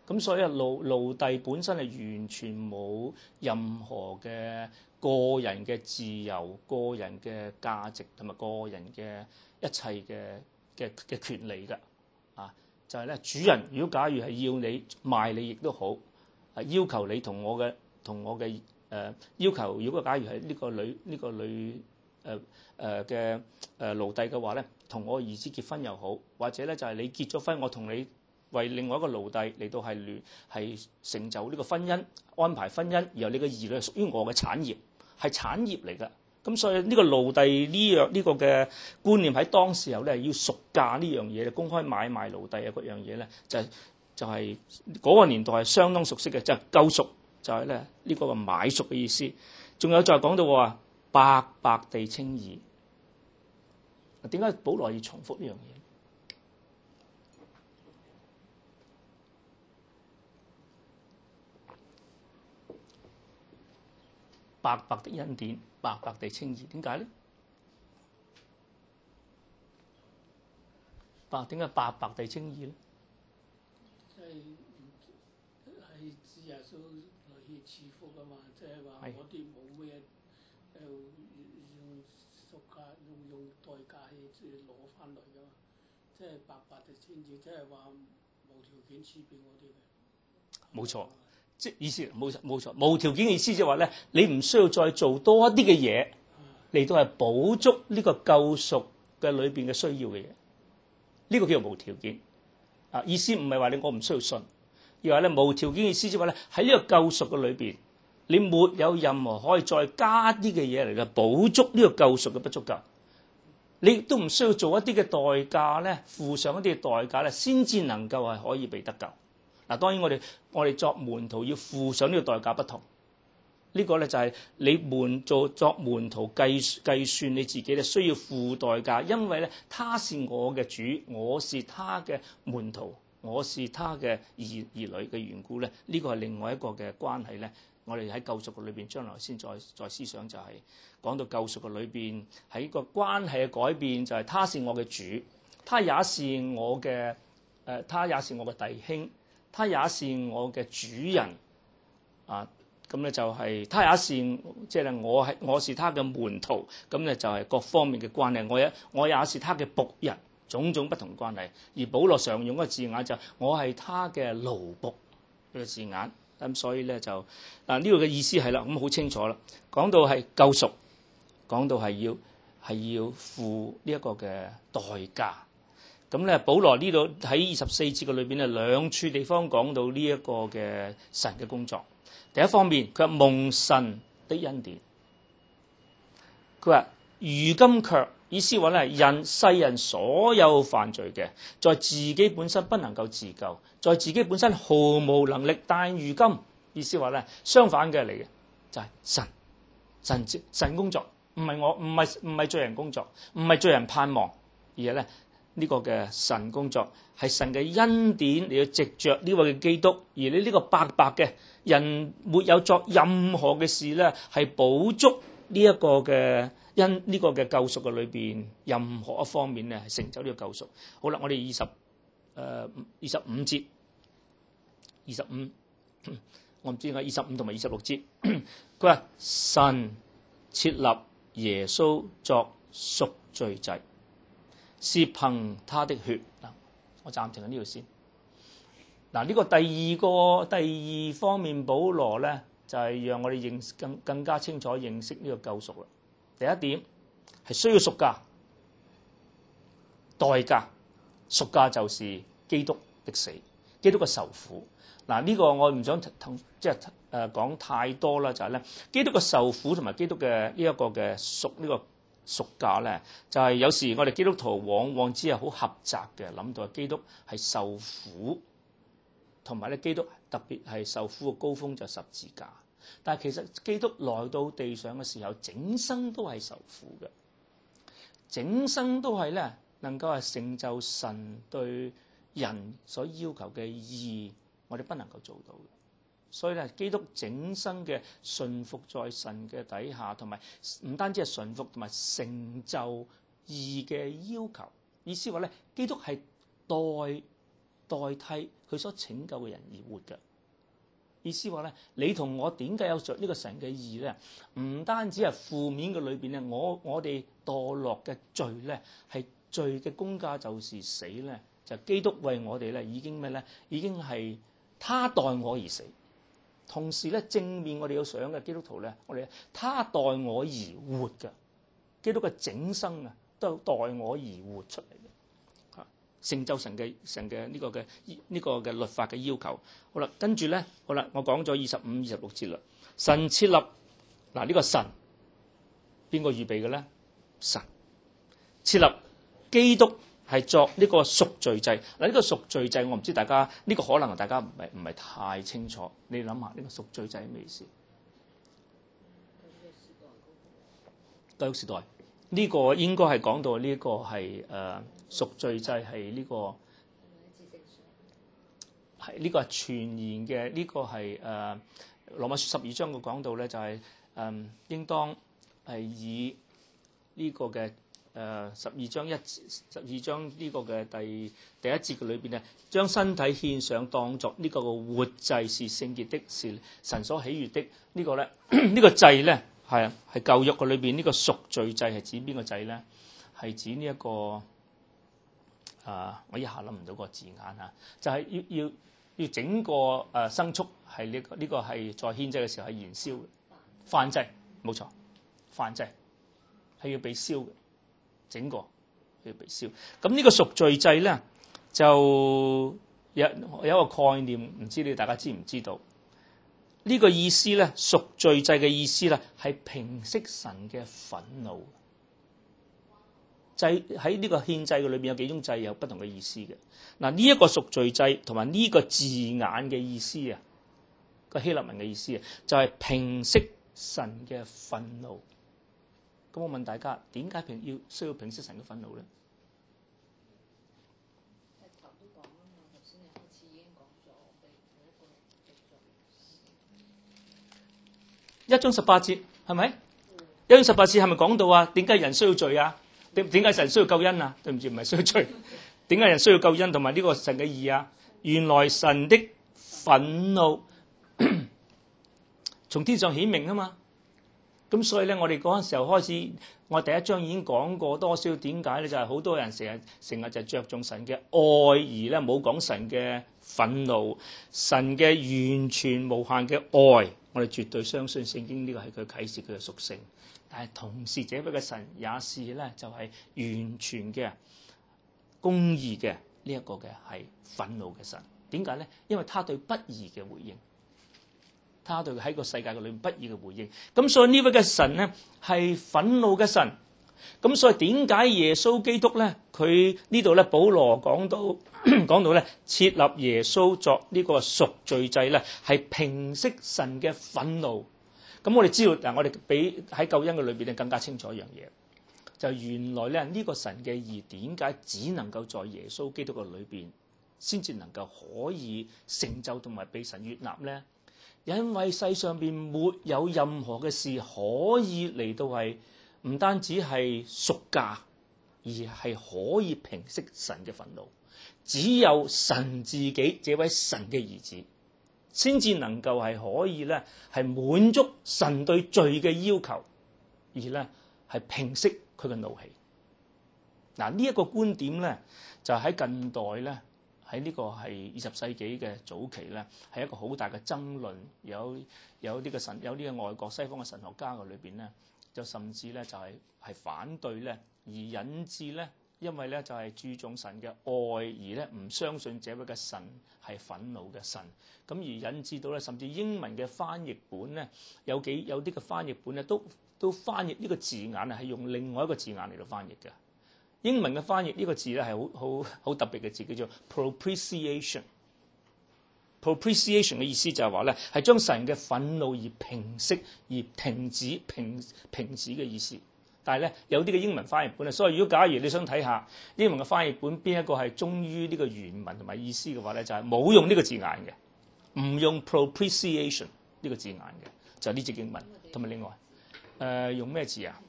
咁所以啊奴奴隸本身係完全冇任何嘅個人嘅自由，個人嘅價值同埋個人嘅一切嘅嘅嘅權利㗎，啊就係咧主人，如果假如係要你就賣，你亦都好，係要求你同我嘅同我嘅誒、啊、要求，如果假如係呢個，個女呢、呢個女誒誒嘅誒奴隸嘅話咧，同我兒子結婚又好，或者咧就係你結咗婚，我同你。為另外一個奴隸嚟到係聯繫成就呢個婚姻，安排婚姻，然後你嘅兒女係屬於我嘅產業，係產業嚟噶。咁所以呢個奴隸呢樣呢個嘅、這個、觀念喺當時候咧，要贖價呢樣嘢，咧公開買賣奴隸啊樣嘢咧，就係、就係、是嗰個年代係相當熟悉嘅，即係救贖，就係咧呢個嘅買贖嘅意思。仲有再講到話白白地稱義，點解保羅要重複呢樣嘢？白白的恩典，白白地稱義，點解咧？白點解白白地稱義咧？即係係字眼上來去恥辱啊嘛！即係話我啲冇咩，用用索價，用用代價去攞翻嚟噶嘛？即係白白地稱義，即係話冇條件賜俾我啲。冇錯。即意思冇錯冇錯，無條件嘅意思就話咧，你唔需要再做多一啲嘅嘢嚟到係補足呢個救贖嘅裏邊嘅需要嘅嘢。呢個叫做無條件啊！意思唔係話你我唔需要信，而話咧無條件嘅意思即話咧，喺呢個救贖嘅裏邊，你沒有任何可以再加啲嘅嘢嚟到補足呢個救贖嘅不足嘅。你亦都唔需要做一啲嘅代價咧，付上一啲嘅代價咧，先至能夠係可以被得救。嗱，當然我哋我哋作門徒要付上呢個代價，不同、這個、呢個咧就係、是、你門做作，作門徒計計算你自己咧需要付代價，因為咧他是我嘅主，我是他嘅門徒，我是他嘅兒兒女嘅緣故咧。呢、這個係另外一個嘅關係咧。我哋喺救贖嘅裏邊，將來先再再思想就係、是、講到救贖嘅裏邊喺個關係嘅改變就係、是、他是我嘅主，他也是我嘅誒，他、呃、也是我嘅弟兄。他也是我嘅主人，啊，咁咧就係他也是，即、就、係、是、我係我是他嘅門徒，咁咧就係各方面嘅關係，我也我也是他嘅僕人，種種不同關係。而保羅常用嘅字眼就是、我係他嘅奴僕嘅字眼，咁、嗯、所以咧就嗱呢度嘅意思係啦，咁、嗯、好清楚啦。講到係救贖，講到係要係要付呢一個嘅代價。咁咧，保羅24呢度喺二十四節嘅裏面咧，兩處地方講到呢一個嘅神嘅工作。第一方面，佢話蒙神的恩典。佢話：如今卻意思話咧，人世人所有犯罪嘅，在自己本身不能夠自救，在自己本身毫無能力。但如今意思話咧，相反嘅嚟嘅就係神，神接神工作，唔係我，唔係唔係罪人工作，唔係罪人盼望，而係咧。呢個嘅神工作係神嘅恩典，你要藉著呢個嘅基督，而你呢個白白嘅人沒有作任何嘅事咧，係補足呢一個嘅恩，呢、這個嘅救贖嘅裏邊任何一方面咧，係成就呢個救贖。好啦，我哋二十誒、呃、二十五節，二十五，我唔知點解二十五同埋二十六節，佢話神設立耶穌作贖罪祭。是憑他的血嗱，我暫停喺呢度先。嗱，呢個第二個，第二方面，保羅咧就係、是、讓我哋認更更加清楚認識呢個救贖啦。第一點係需要贖價，代價贖價就是基督的死，基督嘅受苦。嗱，呢個我唔想同即係誒講太多啦，就係、是、咧，基督嘅受苦同埋基督嘅呢一個嘅贖呢個。這個贖價咧就係、是、有時我哋基督徒往往只係好狹窄嘅諗到，基督係受苦，同埋咧基督特別係受苦嘅高峰就十字架。但係其實基督來到地上嘅時候，整生都係受苦嘅，整生都係咧能夠係成就神對人所要求嘅義，我哋不能夠做到嘅。所以咧，基督整生嘅順服在神嘅底下，同埋唔單止係順服，同埋成就義嘅要求。意思話咧，基督係代代替佢所拯救嘅人而活嘅。意思話咧，你同我點解有着呢個神嘅義咧？唔單止係負面嘅裏邊咧，我我哋墮落嘅罪咧，係罪嘅工價就是死咧。就是、基督為我哋咧，已經咩咧？已經係他代我而死。同時咧，正面我哋要想嘅基督徒咧，我哋他待我而活嘅，基督嘅整生啊，都待我而活出嚟嘅，啊，成就神嘅神嘅呢個嘅呢、呢個嘅、呢個、律法嘅要求，好啦，跟住咧，好啦，我講咗二十五、二十六節啦，神設立嗱呢個神，邊個預備嘅咧？神設立，這個、神神設立基督。係作呢個贖罪祭嗱，呢個贖罪祭我唔知大家呢個可能大家唔係唔係太清楚。你諗下呢個贖罪祭係咩意思？大時代呢個應該係講到呢個係誒贖罪祭係呢個係呢個係傳言嘅。呢個係誒、呃《羅馬書》十二章佢講到咧就係、是、誒、呃，應當係以呢個嘅。誒十二章一十二章呢個嘅第第一節嘅裏邊啊，將身體獻上，當作呢個活祭是聖潔的，是神所喜悅的。這個、呢個咧，呢、這個祭咧，係啊，係舊約嘅裏邊呢個贖罪祭係指邊個祭咧？係指呢、這、一個啊，我一下諗唔到個字眼啊！就係、是、要要要整個誒、呃、牲畜係呢、這個呢、這個係在獻祭嘅時候係燃燒嘅燔祭，冇錯，燔祭係要俾燒嘅。整個去被燒，咁呢個贖罪祭咧就有有一個概念，唔知道你哋大家知唔知道？呢個意思咧，贖罪祭嘅意思咧係平息神嘅憤怒祭。祭喺呢個獻祭嘅裏面，有幾種祭，有不同嘅意思嘅。嗱，呢一個贖罪祭同埋呢個字眼嘅意思啊，個希臘文嘅意思啊，就係、是、平息神嘅憤怒。咁我問大家，點解平要需要平息神嘅憤怒呢？一章十八節係咪？是不是嗯、一章十八節係咪講到啊？點解人需要罪啊？點解神需要救恩啊？對唔住，唔係需要罪。點解人需要救恩？同埋呢個神嘅義啊？原來神的憤怒咳咳從天上顯明啊嘛。咁所以咧，我哋嗰陣時候開始，我第一章已經講過多少點解咧？就係好多人成日成日就着重神嘅愛而咧，冇講神嘅憤怒，神嘅完全無限嘅愛，我哋絕對相信聖經呢個係佢啟示佢嘅屬性。但係同時這位嘅神也是咧，就係完全嘅公義嘅呢一個嘅係憤怒嘅神。點解咧？因為他對不義嘅回應。他對佢喺個世界嘅裏面不義嘅回應，咁所以呢位嘅神咧係憤怒嘅神，咁所以點解耶穌基督咧佢呢度咧保羅講到 講到咧設立耶穌作呢個贖罪祭咧，係平息神嘅憤怒，咁我哋知道嗱，我哋俾喺救恩嘅裏邊咧更加清楚一樣嘢，就原來咧呢個神嘅義點解只能夠在耶穌基督嘅裏邊先至能夠可以成就同埋被神悅納咧？因為世上邊沒有任何嘅事可以嚟到係唔單止係贖價，而係可以平息神嘅憤怒。只有神自己，這位神嘅兒子，先至能夠係可以咧係滿足神對罪嘅要求，而咧係平息佢嘅怒氣。嗱，呢一個觀點咧就喺近代咧，喺呢個係二十世紀嘅早期咧，係一個好大嘅爭論，有有呢個神，有呢個外國西方嘅神學家嘅裏邊咧，就甚至咧就係係反對咧，而引致咧，因為咧就係注重神嘅愛，而咧唔相信這位嘅神係憤怒嘅神，咁而引致到咧，甚至英文嘅翻譯本咧，有幾有啲嘅翻譯本咧，都都翻譯呢個字眼啊，係用另外一個字眼嚟到翻譯嘅。英文嘅翻譯呢個字咧係好好好特別嘅字叫做 propitiation。propitiation 嘅意思就係話咧係將神嘅憤怒而平息而停止停停止嘅意思。但係咧有啲嘅英文翻譯本咧，所以如果假如你想睇下英文嘅翻譯本邊一個係忠於呢個原文同埋意思嘅話咧，就係、是、冇用呢個字眼嘅，唔用 propitiation 呢個字眼嘅，就係呢隻英文同埋另外誒、呃、用咩字啊？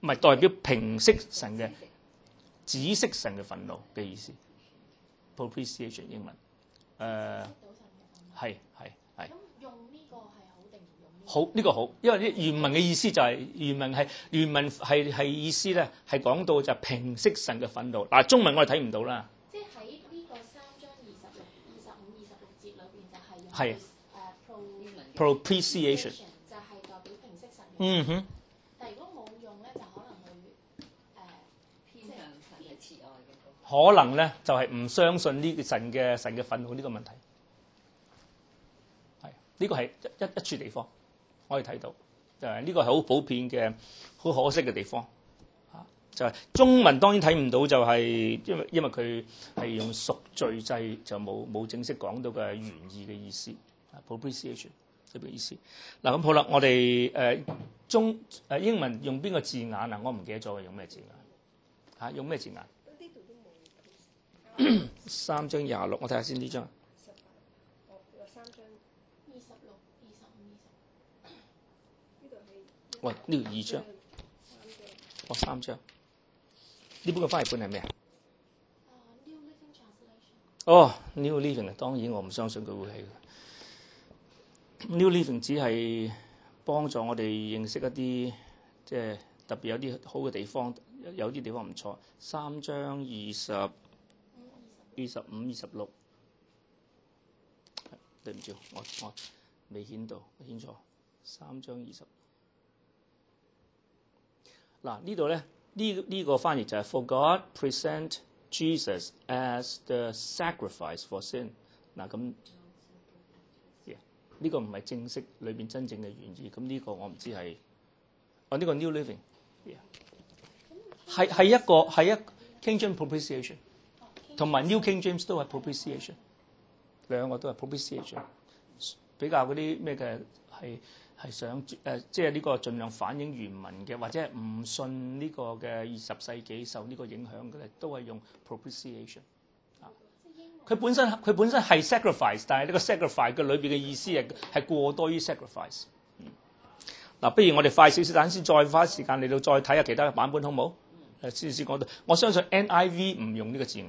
唔係代表平息神嘅、止息神嘅憤怒嘅意思。propitiation 英文，誒係係係。咁用呢個係好定好，呢個好，因為呢原文嘅意思就係原文係原文係係意思咧，係講到就平息神嘅憤怒。嗱，中文我哋睇唔到啦。即係喺呢個三章二十六、二十五、二十六節裏邊就係用。係，誒 propitiation 就係代表平息神。嗯哼。可能咧就係唔相信呢個神嘅神嘅憤怒呢、這個問題係呢、這個係一一一處地方，可以睇到就係、是、呢、這個係好普遍嘅、好可惜嘅地方。嚇就係、是、中文當然睇唔到、就是，就係因為因為佢係用贖罪祭，就冇冇正式講到嘅原意嘅意思。啊 propitiation 係咩意思？嗱咁好啦，我哋誒、呃、中誒、呃、英文用邊個字眼啊？我唔記得咗，用咩字眼吓，用咩字眼？啊 三張廿六，我睇下先呢張。喂！呢度二張，哦，三張。呢本嘅翻譯本係咩啊？哦、uh, New, oh，New Living 當然我唔相信佢會係 New Living，只係幫助我哋認識一啲即係特別有啲好嘅地方，有啲地方唔錯。三張二十。二十五二十六，對唔住，我我未顯到顯錯，三章二十。嗱，呢度呢，呢呢個翻譯就係 For God present Jesus as the sacrifice for sin。嗱，咁呢個唔係正式裏面真正嘅原意，咁呢個我唔知係哦，呢個 New Living 係、yeah. you 一個係一個 Yeah. 同埋 New King James 都係 propitiation，兩個都係 propitiation，比較嗰啲咩嘅係係想誒，即係呢個盡量反映原文嘅，或者係唔信呢個嘅二十世紀受呢個影響嘅咧，都係用 propitiation，啊嗯。啊，佢本身佢本身係 sacrifice，但係呢個 sacrifice 嘅裏面嘅意思係過多於 sacrifice。嗱，不如我哋快少少，等先再花時間嚟到再睇下其他嘅版本，好唔好？嗯，先至講到，我相信 N I V 唔用呢個字眼。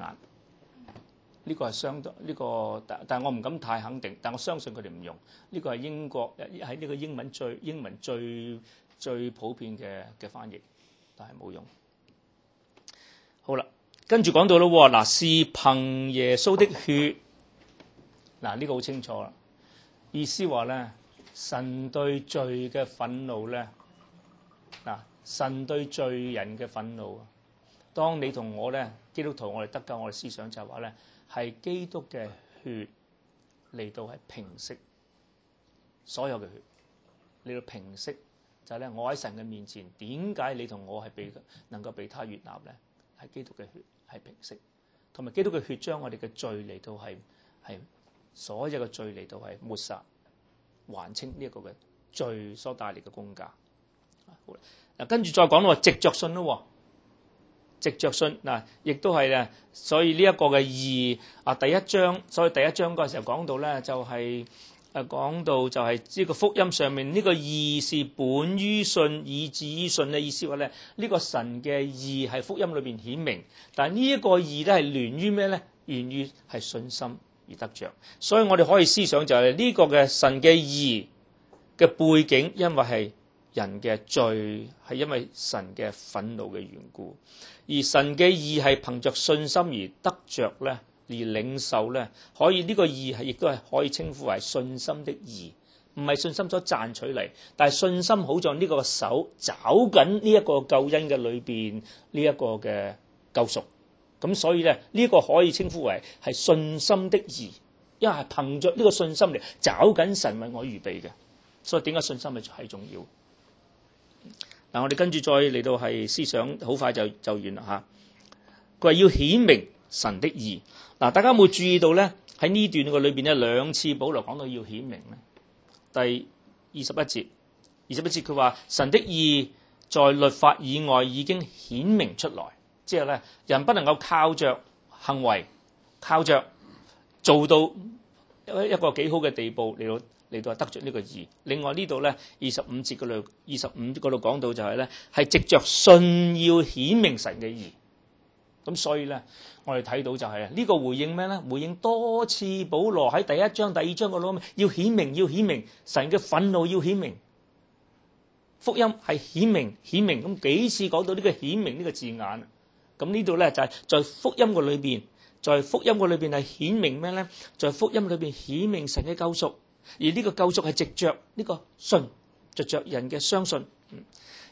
呢個係相當呢個，但但係我唔敢太肯定，但我相信佢哋唔用呢個係英國喺呢個英文最英文最最普遍嘅嘅翻譯，但係冇用。好啦，跟住講到啦，嗱是憑耶穌的血，嗱呢個好清楚啦，意思話咧神對罪嘅憤怒咧，嗱神對罪人嘅憤怒，當你同我咧基督徒，我哋得救，我哋思想就係話咧。係基督嘅血嚟到係平息所有嘅血，嚟到平息就係咧，我喺神嘅面前，點解你同我係被能夠被他悅納咧？係基督嘅血係平息，同埋基督嘅血將我哋嘅罪嚟到係係所有嘅罪嚟到係抹殺、還清呢一個嘅罪所帶嚟嘅工價好。嗱，跟住再講咯，藉着信咯。藉著信嗱，亦都係咧，所以呢一個嘅義啊，第一章，所以第一章嗰時候講到咧，就係、是、誒講到就係呢個福音上面呢、這個義是本於信，以致於信嘅意思話咧，呢、這個神嘅義係福音裏邊顯明，但係呢一個義咧係聯於咩咧？源於係信心而得着，所以我哋可以思想就係、是、呢、這個嘅神嘅義嘅背景，因為係。人嘅罪係因為神嘅憤怒嘅緣故，而神嘅義，係憑着信心而得着咧，而領受咧，可以呢個義係亦都係可以稱呼為信心的義，唔係信心所賺取嚟，但係信心好像呢個手找緊呢一個救恩嘅裏邊呢一個嘅救贖，咁所以咧呢個可以稱呼為係信心的義，因為係憑着呢個信心嚟找緊神為我預備嘅，所以點解信心係係重要？嗱，我哋跟住再嚟到係思想，好快就就完啦吓。佢話要顯明神的義。嗱，大家有冇注意到咧？喺呢段嘅裏邊咧，兩次保羅講到要顯明咧。第二十一節，二十一節佢話神的義在律法以外已經顯明出來。即係咧，人不能夠靠著行為，靠著做到一一個幾好嘅地步嚟到。嚟到係得著呢個義。另外呢度咧，二十五節嗰度，二十五嗰度講到就係咧，係藉著信要顯明神嘅義。咁所以咧，我哋睇到就係呢個回應咩咧？回應多次，保羅喺第一章、第二章嗰度，要顯明，要顯明神嘅憤怒，要顯明福音係顯明顯明。咁幾次講到呢個顯明呢個字眼。咁呢度咧就係在福音個裏邊，在福音個裏邊係顯明咩咧？在福音裏邊顯明神嘅救贖。而呢個救贖係藉著呢個信，藉著人嘅相信。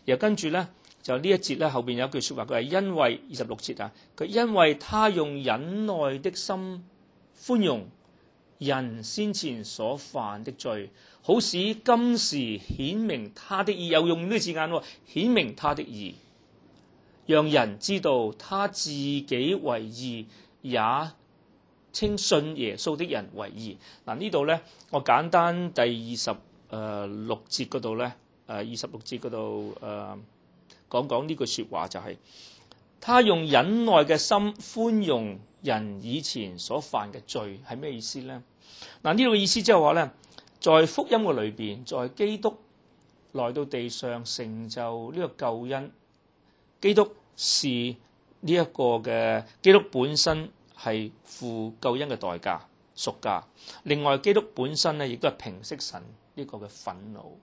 然後跟住咧就一節呢一節咧後邊有句説話，佢係因為二十六節啊，佢因為他用忍耐的心寬容人先前所犯的罪，好使今時顯明他的義。有用呢個字眼、哦，顯明他的義，讓人知道他自己為義也，稱信耶穌的人為義。嗱呢度咧，我簡單第二十誒六節嗰度咧，誒二十六節嗰度誒講講呢句說話就係、是，他用忍耐嘅心寬容人以前所犯嘅罪係咩意思咧？嗱呢度嘅意思即係話咧，在福音嘅裏邊，在基督來到地上成就呢個救恩，基督是呢一個嘅基督本身。係付救恩嘅代價贖價，另外基督本身咧，亦都係平息神呢個嘅憤怒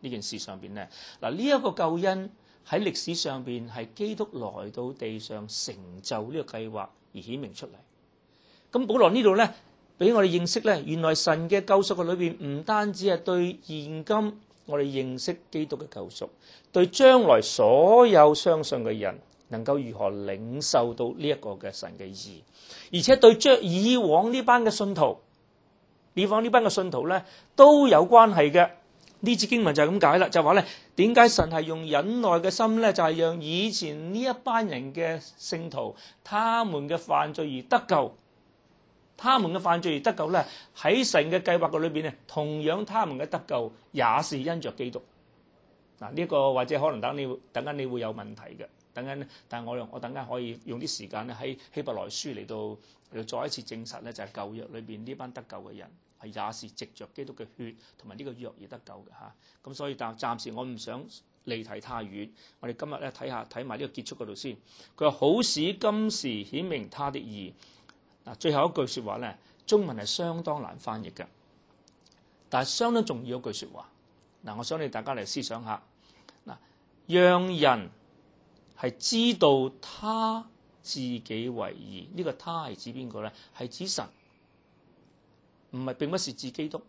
呢件事上邊咧。嗱，呢一個救恩喺歷史上邊係基督來到地上成就呢個計劃而顯明出嚟。咁保羅呢度咧，俾我哋認識咧，原來神嘅救贖嘅裏邊唔單止係對現今我哋認識基督嘅救贖，對將來所有相信嘅人，能夠如何領受到呢一個嘅神嘅義，而且對着以往呢班嘅信徒，以往呢班嘅信徒咧都有關係嘅。呢次經文就係咁解啦，就話咧點解神係用忍耐嘅心咧，就係、是、讓以前呢一班人嘅聖徒，他們嘅犯罪而得救，他們嘅犯罪而得救咧喺神嘅計劃裏邊咧，同樣他們嘅得救也是因着基督。嗱、這、呢個或者可能等你等緊你會有問題嘅。等緊，但係我我等緊，可以用啲時間咧喺希伯來書來書嚟到再一次證實咧，就係舊約裏邊呢班得救嘅人係也是藉着基督嘅血同埋呢個約而得救嘅嚇。咁所以暫暫時我唔想離題太遠，我看看，我哋今日咧睇下睇埋呢個結束嗰度先。佢話好時今時顯明他的義。嗱，最後一句説話咧中文係相當難翻譯嘅，但係相當重要一句説話嗱，我想你大家嚟思想下嗱，讓人。是知道他自己為義，呢、這個他是指邊個呢？係指神，唔係並不是指基督。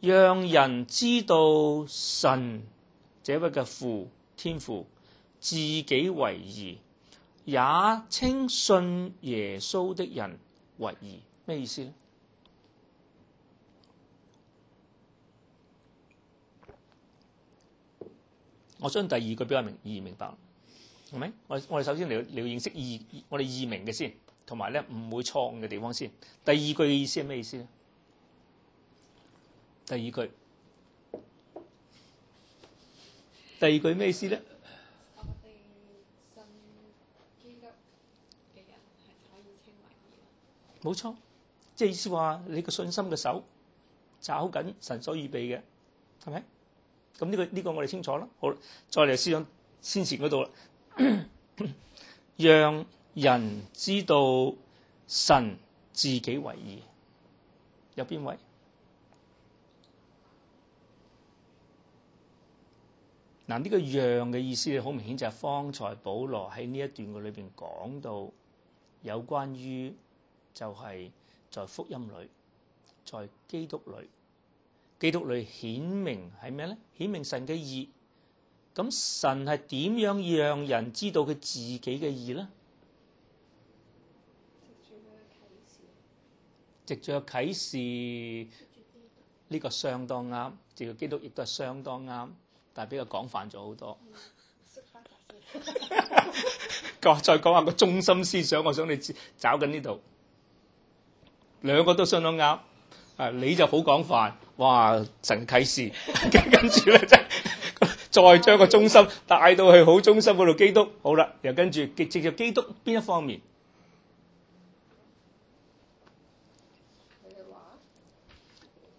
讓人知道神這位嘅父天父自己為義，也稱信耶穌的人為義，咩意思呢？我將第二句比較明易明白。係咪？我我哋首先嚟，要認識意，我哋意明嘅先，同埋咧唔會錯誤嘅地方先。第二句嘅意思係咩意思咧？第二句，第二句咩意思咧？冇錯，即係意思話你個信心嘅手找緊神所預備嘅，係咪？咁呢個呢個我哋清楚啦。好，再嚟思想先前嗰度啦。 讓人知道神自己為義，有邊位？嗱、這個，呢個讓嘅意思，好明顯就係方才保羅喺呢一段嘅裏邊講到有關於，就係在福音裏、在基督裏、基督裏顯明係咩呢？顯明神嘅義。咁神係點樣讓人知道佢自己嘅意咧？藉住個啟示、啟示，呢個相當啱，藉住基督亦都係相當啱，但係比較廣泛咗好多。講、嗯、 再講下個中心思想，我想你找緊呢度，兩個都相當啱，啊你就好廣泛，哇神啟示 跟住咧就。再將個中心帶到去好中心嗰度，基督好啦，又跟住直接基督邊一方面？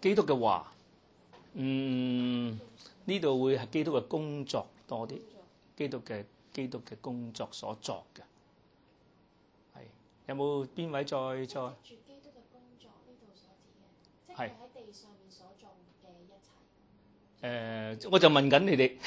基督嘅話，嗯，呢度會係基督嘅工作多啲，基督嘅基督嘅工作所作嘅，係有冇邊位再再？基督嘅工作，係。誒，我就問緊你哋，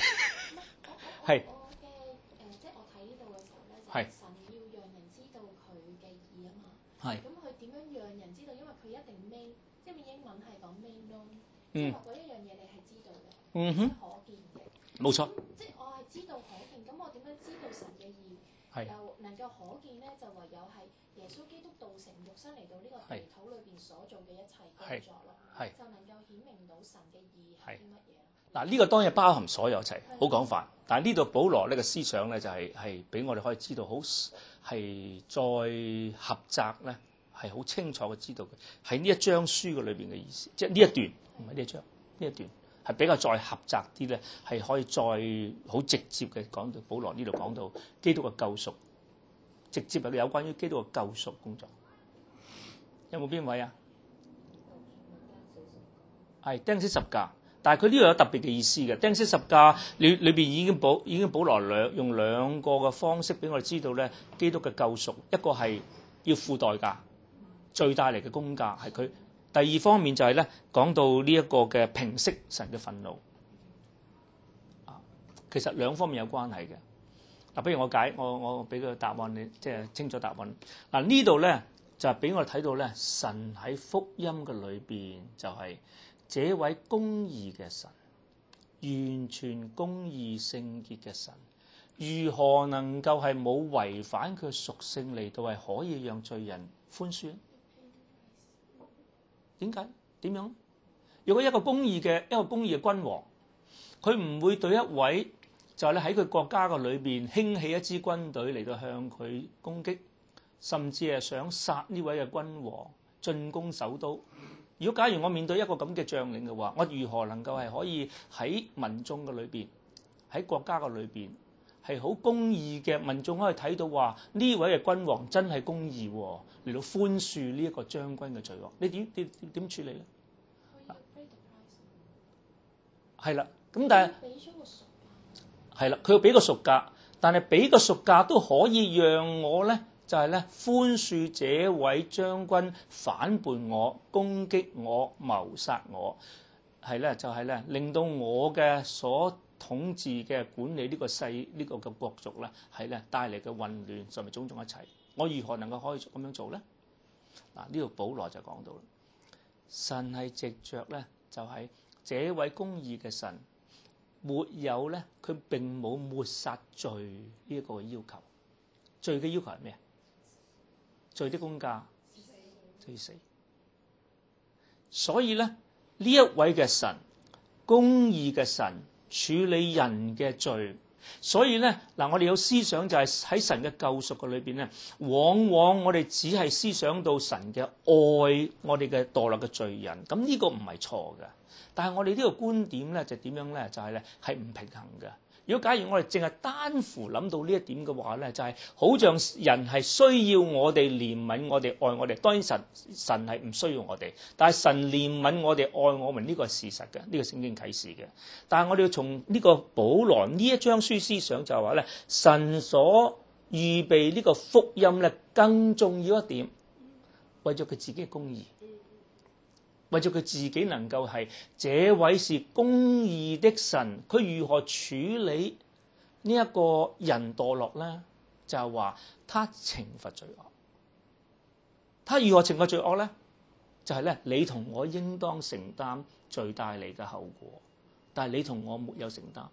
係。係。我嘅，即我睇呢度嘅時候咧，就神要讓人知道佢嘅意啊嘛。係。咁佢點樣讓人知道？因為佢一定 made，因為英文係講 known，即係話嗰一樣嘢你係知道嘅，係可見嘅。冇錯。即係我係知道可見，咁我點樣知道神嘅意？係。又能夠可見咧，就唯有係。耶穌基督道成肉身嚟到呢個泥土裏邊所做嘅一切工作咯，就能夠顯明到神嘅義係啲乜嘢。嗱，呢個當然包含所有一切，好廣泛。的但係呢度保羅呢個思想咧就係係俾我哋可以知道，好係再狹窄咧係好清楚嘅知道嘅喺呢一章書嘅裏邊嘅意思，即係呢一段唔係呢一章，呢一段係比較再狹窄啲咧係可以再好直接嘅講到保羅呢度講到基督嘅救贖。直接係佢有關於基督嘅救贖工作有沒有哪？有冇邊位啊？係釘死十架，但係佢呢度有特別嘅意思嘅。釘死十架裏裏邊已經保已經保羅兩用兩個嘅方式俾我哋知道咧，基督嘅救贖一個係要付代價，罪帶嚟嘅工價係佢；第二方面就係咧講到呢一個嘅平息神嘅憤怒，啊，其實兩方面有關係嘅。嗱，不如我解，我我俾個答案你，即係清楚答案。嗱呢度咧就俾我睇到咧，神喺福音嘅裏邊，就係這位公義嘅神，完全公義聖潔嘅神，如何能夠係冇違反佢屬性嚟到係可以讓罪人寬恕？點解？點樣？如果一個公義嘅一個公義嘅君王，佢唔會對一位？就係咧喺佢國家嘅裏邊興起一支軍隊嚟到向佢攻擊，甚至係想殺呢位嘅君王，進攻首都。如果假如我面對一個咁嘅將領嘅話，我如何能夠係可以喺民眾嘅裏邊，喺國家嘅裏邊係好公義嘅民眾可以睇到話呢位嘅君王真係公義嚟到寬恕呢一個將軍嘅罪惡，你點點點處理咧？係啦，咁但係。係啦，佢要俾個贖價，但係俾個贖價都可以讓我咧，就係咧寬恕這位將軍反叛我、攻擊我、謀殺我，係咧就係咧令到我嘅所統治嘅管理呢個世呢個嘅國族咧，係咧帶嚟嘅混亂同埋種種一齊，我如何能夠可以咁樣做咧？嗱，呢度保羅就講到啦，神係藉着咧就係這位公義嘅神。沒有咧，佢並冇抹殺罪呢一個要求。罪嘅要求係咩啊？罪的工價，罪死。所以咧，呢一位嘅神，公義嘅神，處理人嘅罪。所以咧，嗱，我哋有思想就係喺神嘅救贖嘅裏邊咧，往往我哋只係思想到神嘅愛，我哋嘅墮落嘅罪人，咁呢個唔係錯嘅，但係我哋呢個觀點咧就點樣咧？就係咧，係唔平衡嘅。如果假如我哋淨係單乎諗到呢一點嘅話咧，就係、是、好像人係需要我哋憐憫我哋愛我哋，當然神神係唔需要我哋，但係神憐憫我哋愛我們呢、這個係事實嘅，呢、這個聖經啟示嘅。但係我哋要從呢個保羅呢一章書思想上就係話咧，神所預備呢個福音咧更重要一點，為咗佢自己嘅公義。為咗佢自己能夠係，這位是公義的神，佢如何處理呢一個人墮落咧？就係、是、話他懲罰罪惡，他如何懲罰罪惡咧？就係咧，你同我應當承擔最大利嘅後果，但係你同我沒有承擔。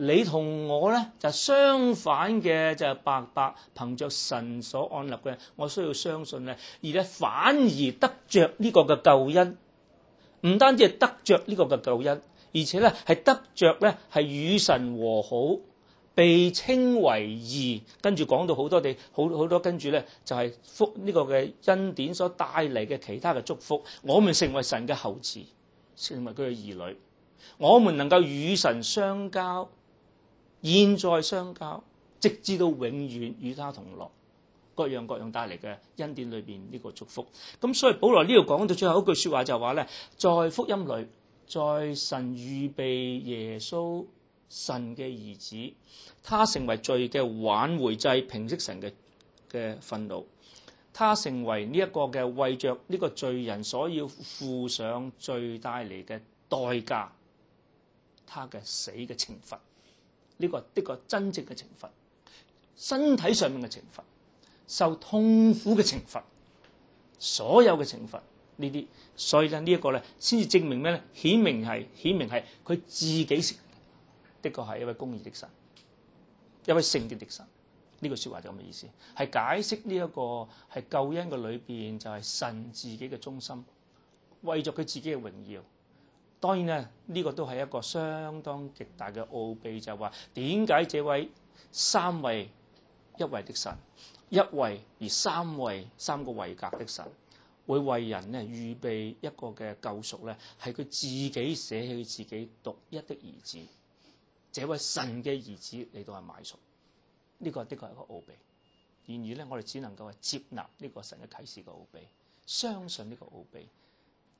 你同我咧就是，相反嘅，就是，白白憑着神所安立嘅，我需要相信咧，而咧反而得着呢個嘅救恩。唔單止係得着呢個嘅救恩，而且咧係得着咧係與神和好，被稱為義，跟住講到好多地，好好多跟住咧就係，是，福呢個嘅恩典所帶嚟嘅其他嘅祝福。我們成為神嘅後嗣，成為佢嘅兒女，我們能夠與神相交。現在相交，直至到永遠與他同樂，各樣各樣帶嚟嘅恩典裏邊呢個祝福。咁所以保羅呢度講到最後一句說話就話咧，在福音裏，在神預備耶穌神嘅兒子，他成為罪嘅挽回祭，平息神嘅嘅憤怒，他成為呢一個嘅為着呢個罪人所要付上罪帶嚟嘅代價，他嘅死嘅懲罰。呢、這個的確真正嘅懲罰，身體上面嘅懲罰，受痛苦嘅懲罰，所有嘅懲罰呢啲，所以咧、這個、呢一個咧先至證明咩咧？顯明係顯明係佢自己的，的確係一位公義的神，一位聖潔的神。呢句説話就咁嘅意思，係解釋呢一個係救恩嘅裏邊，就係、是、神自己嘅忠心，為咗佢自己嘅榮耀。當然咧，呢、這個都係一個相當極大嘅奧秘就，就係話點解這位三位一位的神，一位而三位三個位格的神，會為人呢預備一個嘅救贖呢？係佢自己捨棄自己獨一的兒子，這位神嘅兒子嚟到係買贖呢、這個的確係一個奧秘，然而呢，我哋只能夠係接納呢個神嘅啟示嘅奧秘，相信呢個奧秘。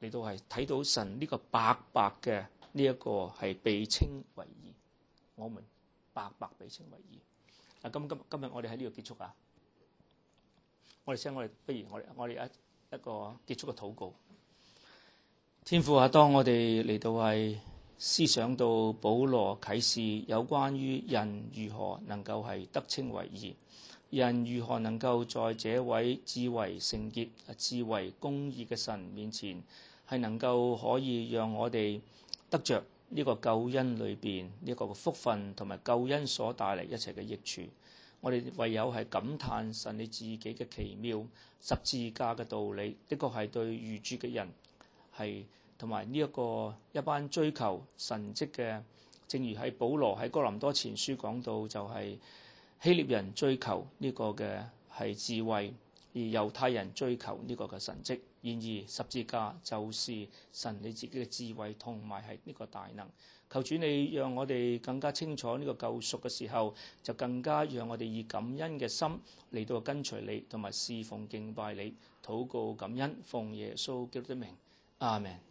嚟到係睇到神呢個白白嘅呢一個係被稱為義，我們白白被稱為義。啊，咁今天今日我哋喺呢度結束啊，我哋先，我哋不如我哋我哋一個一個結束嘅禱告。天父啊，當我哋嚟到係思想到保羅啟示有關於人如何能夠係得稱為義，人如何能夠在這位至為聖潔、啊至為公義嘅神面前，係能夠可以讓我哋得着呢個救恩裏邊呢個福分同埋救恩所帶嚟一切嘅益處，我哋唯有係感嘆神你自己嘅奇妙十字架嘅道理，這個、是對的確係對愚拙嘅人係同埋呢一個一班追求神蹟嘅，正如喺保羅喺哥林多前書講到，就係、是、希臘人追求呢個嘅係智慧，而猶太人追求呢個嘅神蹟。然而十字架就是神你自己嘅智慧同埋係呢個大能，求主你讓我哋更加清楚呢個救贖嘅時候，就更加讓我哋以感恩嘅心嚟到跟隨你同埋侍奉敬拜你，禱告感恩奉耶穌基督的名，阿們。